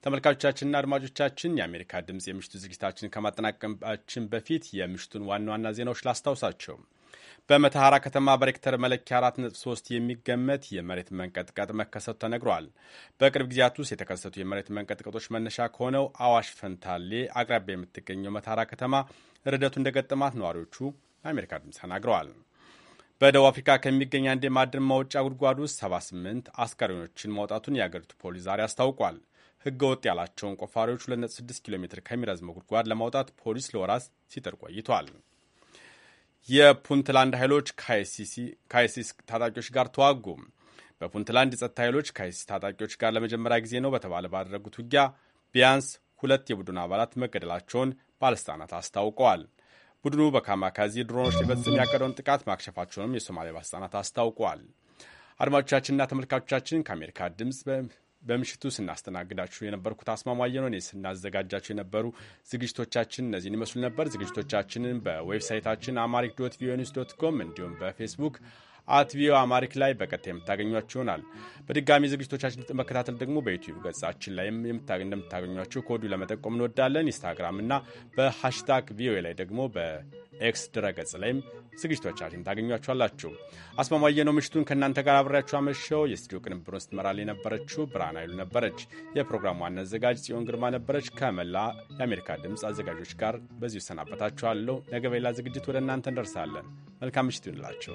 ተመልካቾቻችንና አድማጮቻችን የአሜሪካ ድምፅ የምሽቱ ዝግጅታችን ከማጠናቀምባችን በፊት የምሽቱን ዋና ዋና ዜናዎች ላስታውሳቸው። በመተሐራ ከተማ በሬክተር መለኪያ 4.3 የሚገመት የመሬት መንቀጥቀጥ መከሰቱ ተነግሯል። በቅርብ ጊዜያት ውስጥ የተከሰቱ የመሬት መንቀጥቀጦች መነሻ ከሆነው አዋሽ ፈንታሌ አቅራቢያ የምትገኘው መተሐራ ከተማ ርዕደቱ እንደገጠማት ነዋሪዎቹ ለአሜሪካ ድምፅ ተናግረዋል። በደቡብ አፍሪካ ከሚገኝ አንድ የማዕድን ማውጫ ጉድጓድ ውስጥ 78 አስከሬኖችን ማውጣቱን የአገሪቱ ፖሊስ ዛሬ አስታውቋል። ሕገ ወጥ ያላቸውን ቆፋሪዎች 26 ኪሎ ሜትር ከሚረዝመው ጉድጓድ ለማውጣት ፖሊስ ለወራት ሲጥር ቆይቷል። የፑንትላንድ ኃይሎች ከአይሲስ ታጣቂዎች ጋር ተዋጉ። በፑንትላንድ የጸጥታ ኃይሎች ከአይሲስ ታጣቂዎች ጋር ለመጀመሪያ ጊዜ ነው በተባለ ባደረጉት ውጊያ ቢያንስ ሁለት የቡድን አባላት መገደላቸውን ባለሥልጣናት አስታውቀዋል። ቡድኑ በካማካዚ ድሮኖች ሊፈጽም ያቀደውን ጥቃት ማክሸፋቸውንም የሶማሌ ባለሥልጣናት አስታውቀዋል። አድማጮቻችንና ተመልካቾቻችን ከአሜሪካ ድምፅ በምሽቱ ስናስተናግዳችሁ የነበርኩት አስማማየ ነው። ስናዘጋጃቸው የነበሩ ዝግጅቶቻችን እነዚህን ይመስሉ ነበር። ዝግጅቶቻችንን በዌብሳይታችን አማሪክ ዶት ቪኦኤ ኒውስ ዶት ኮም እንዲሁም በፌስቡክ አት ቪኦ አማሪክ ላይ በቀጥታ የምታገኟቸው ይሆናል። በድጋሚ ዝግጅቶቻችን መከታተል ደግሞ በዩቲዩብ ገጻችን ላይም እንደምታገኟቸው ከወዲሁ ለመጠቆም እንወዳለን። ኢንስታግራም እና በሃሽታግ ቪኦኤ ላይ ደግሞ ኤክስ ድረገጽ ላይም ዝግጅቶቻችን ታገኟችኋላችሁ። አስማማየ ነው ምሽቱን ከእናንተ ጋር አብሬያችሁ አመሸው። የስቱዲዮ ውስጥ ስትመራል የነበረችው ብርሃን አይሉ ነበረች። የፕሮግራም ዋና አዘጋጅ ጽዮን ግርማ ነበረች። ከመላ የአሜሪካ ድምፅ አዘጋጆች ጋር በዚሁ ሰናበታችኋለሁ። ነገ በሌላ ዝግጅት ወደ እናንተ እንደርሳለን። መልካም ምሽት ይሁንላችሁ።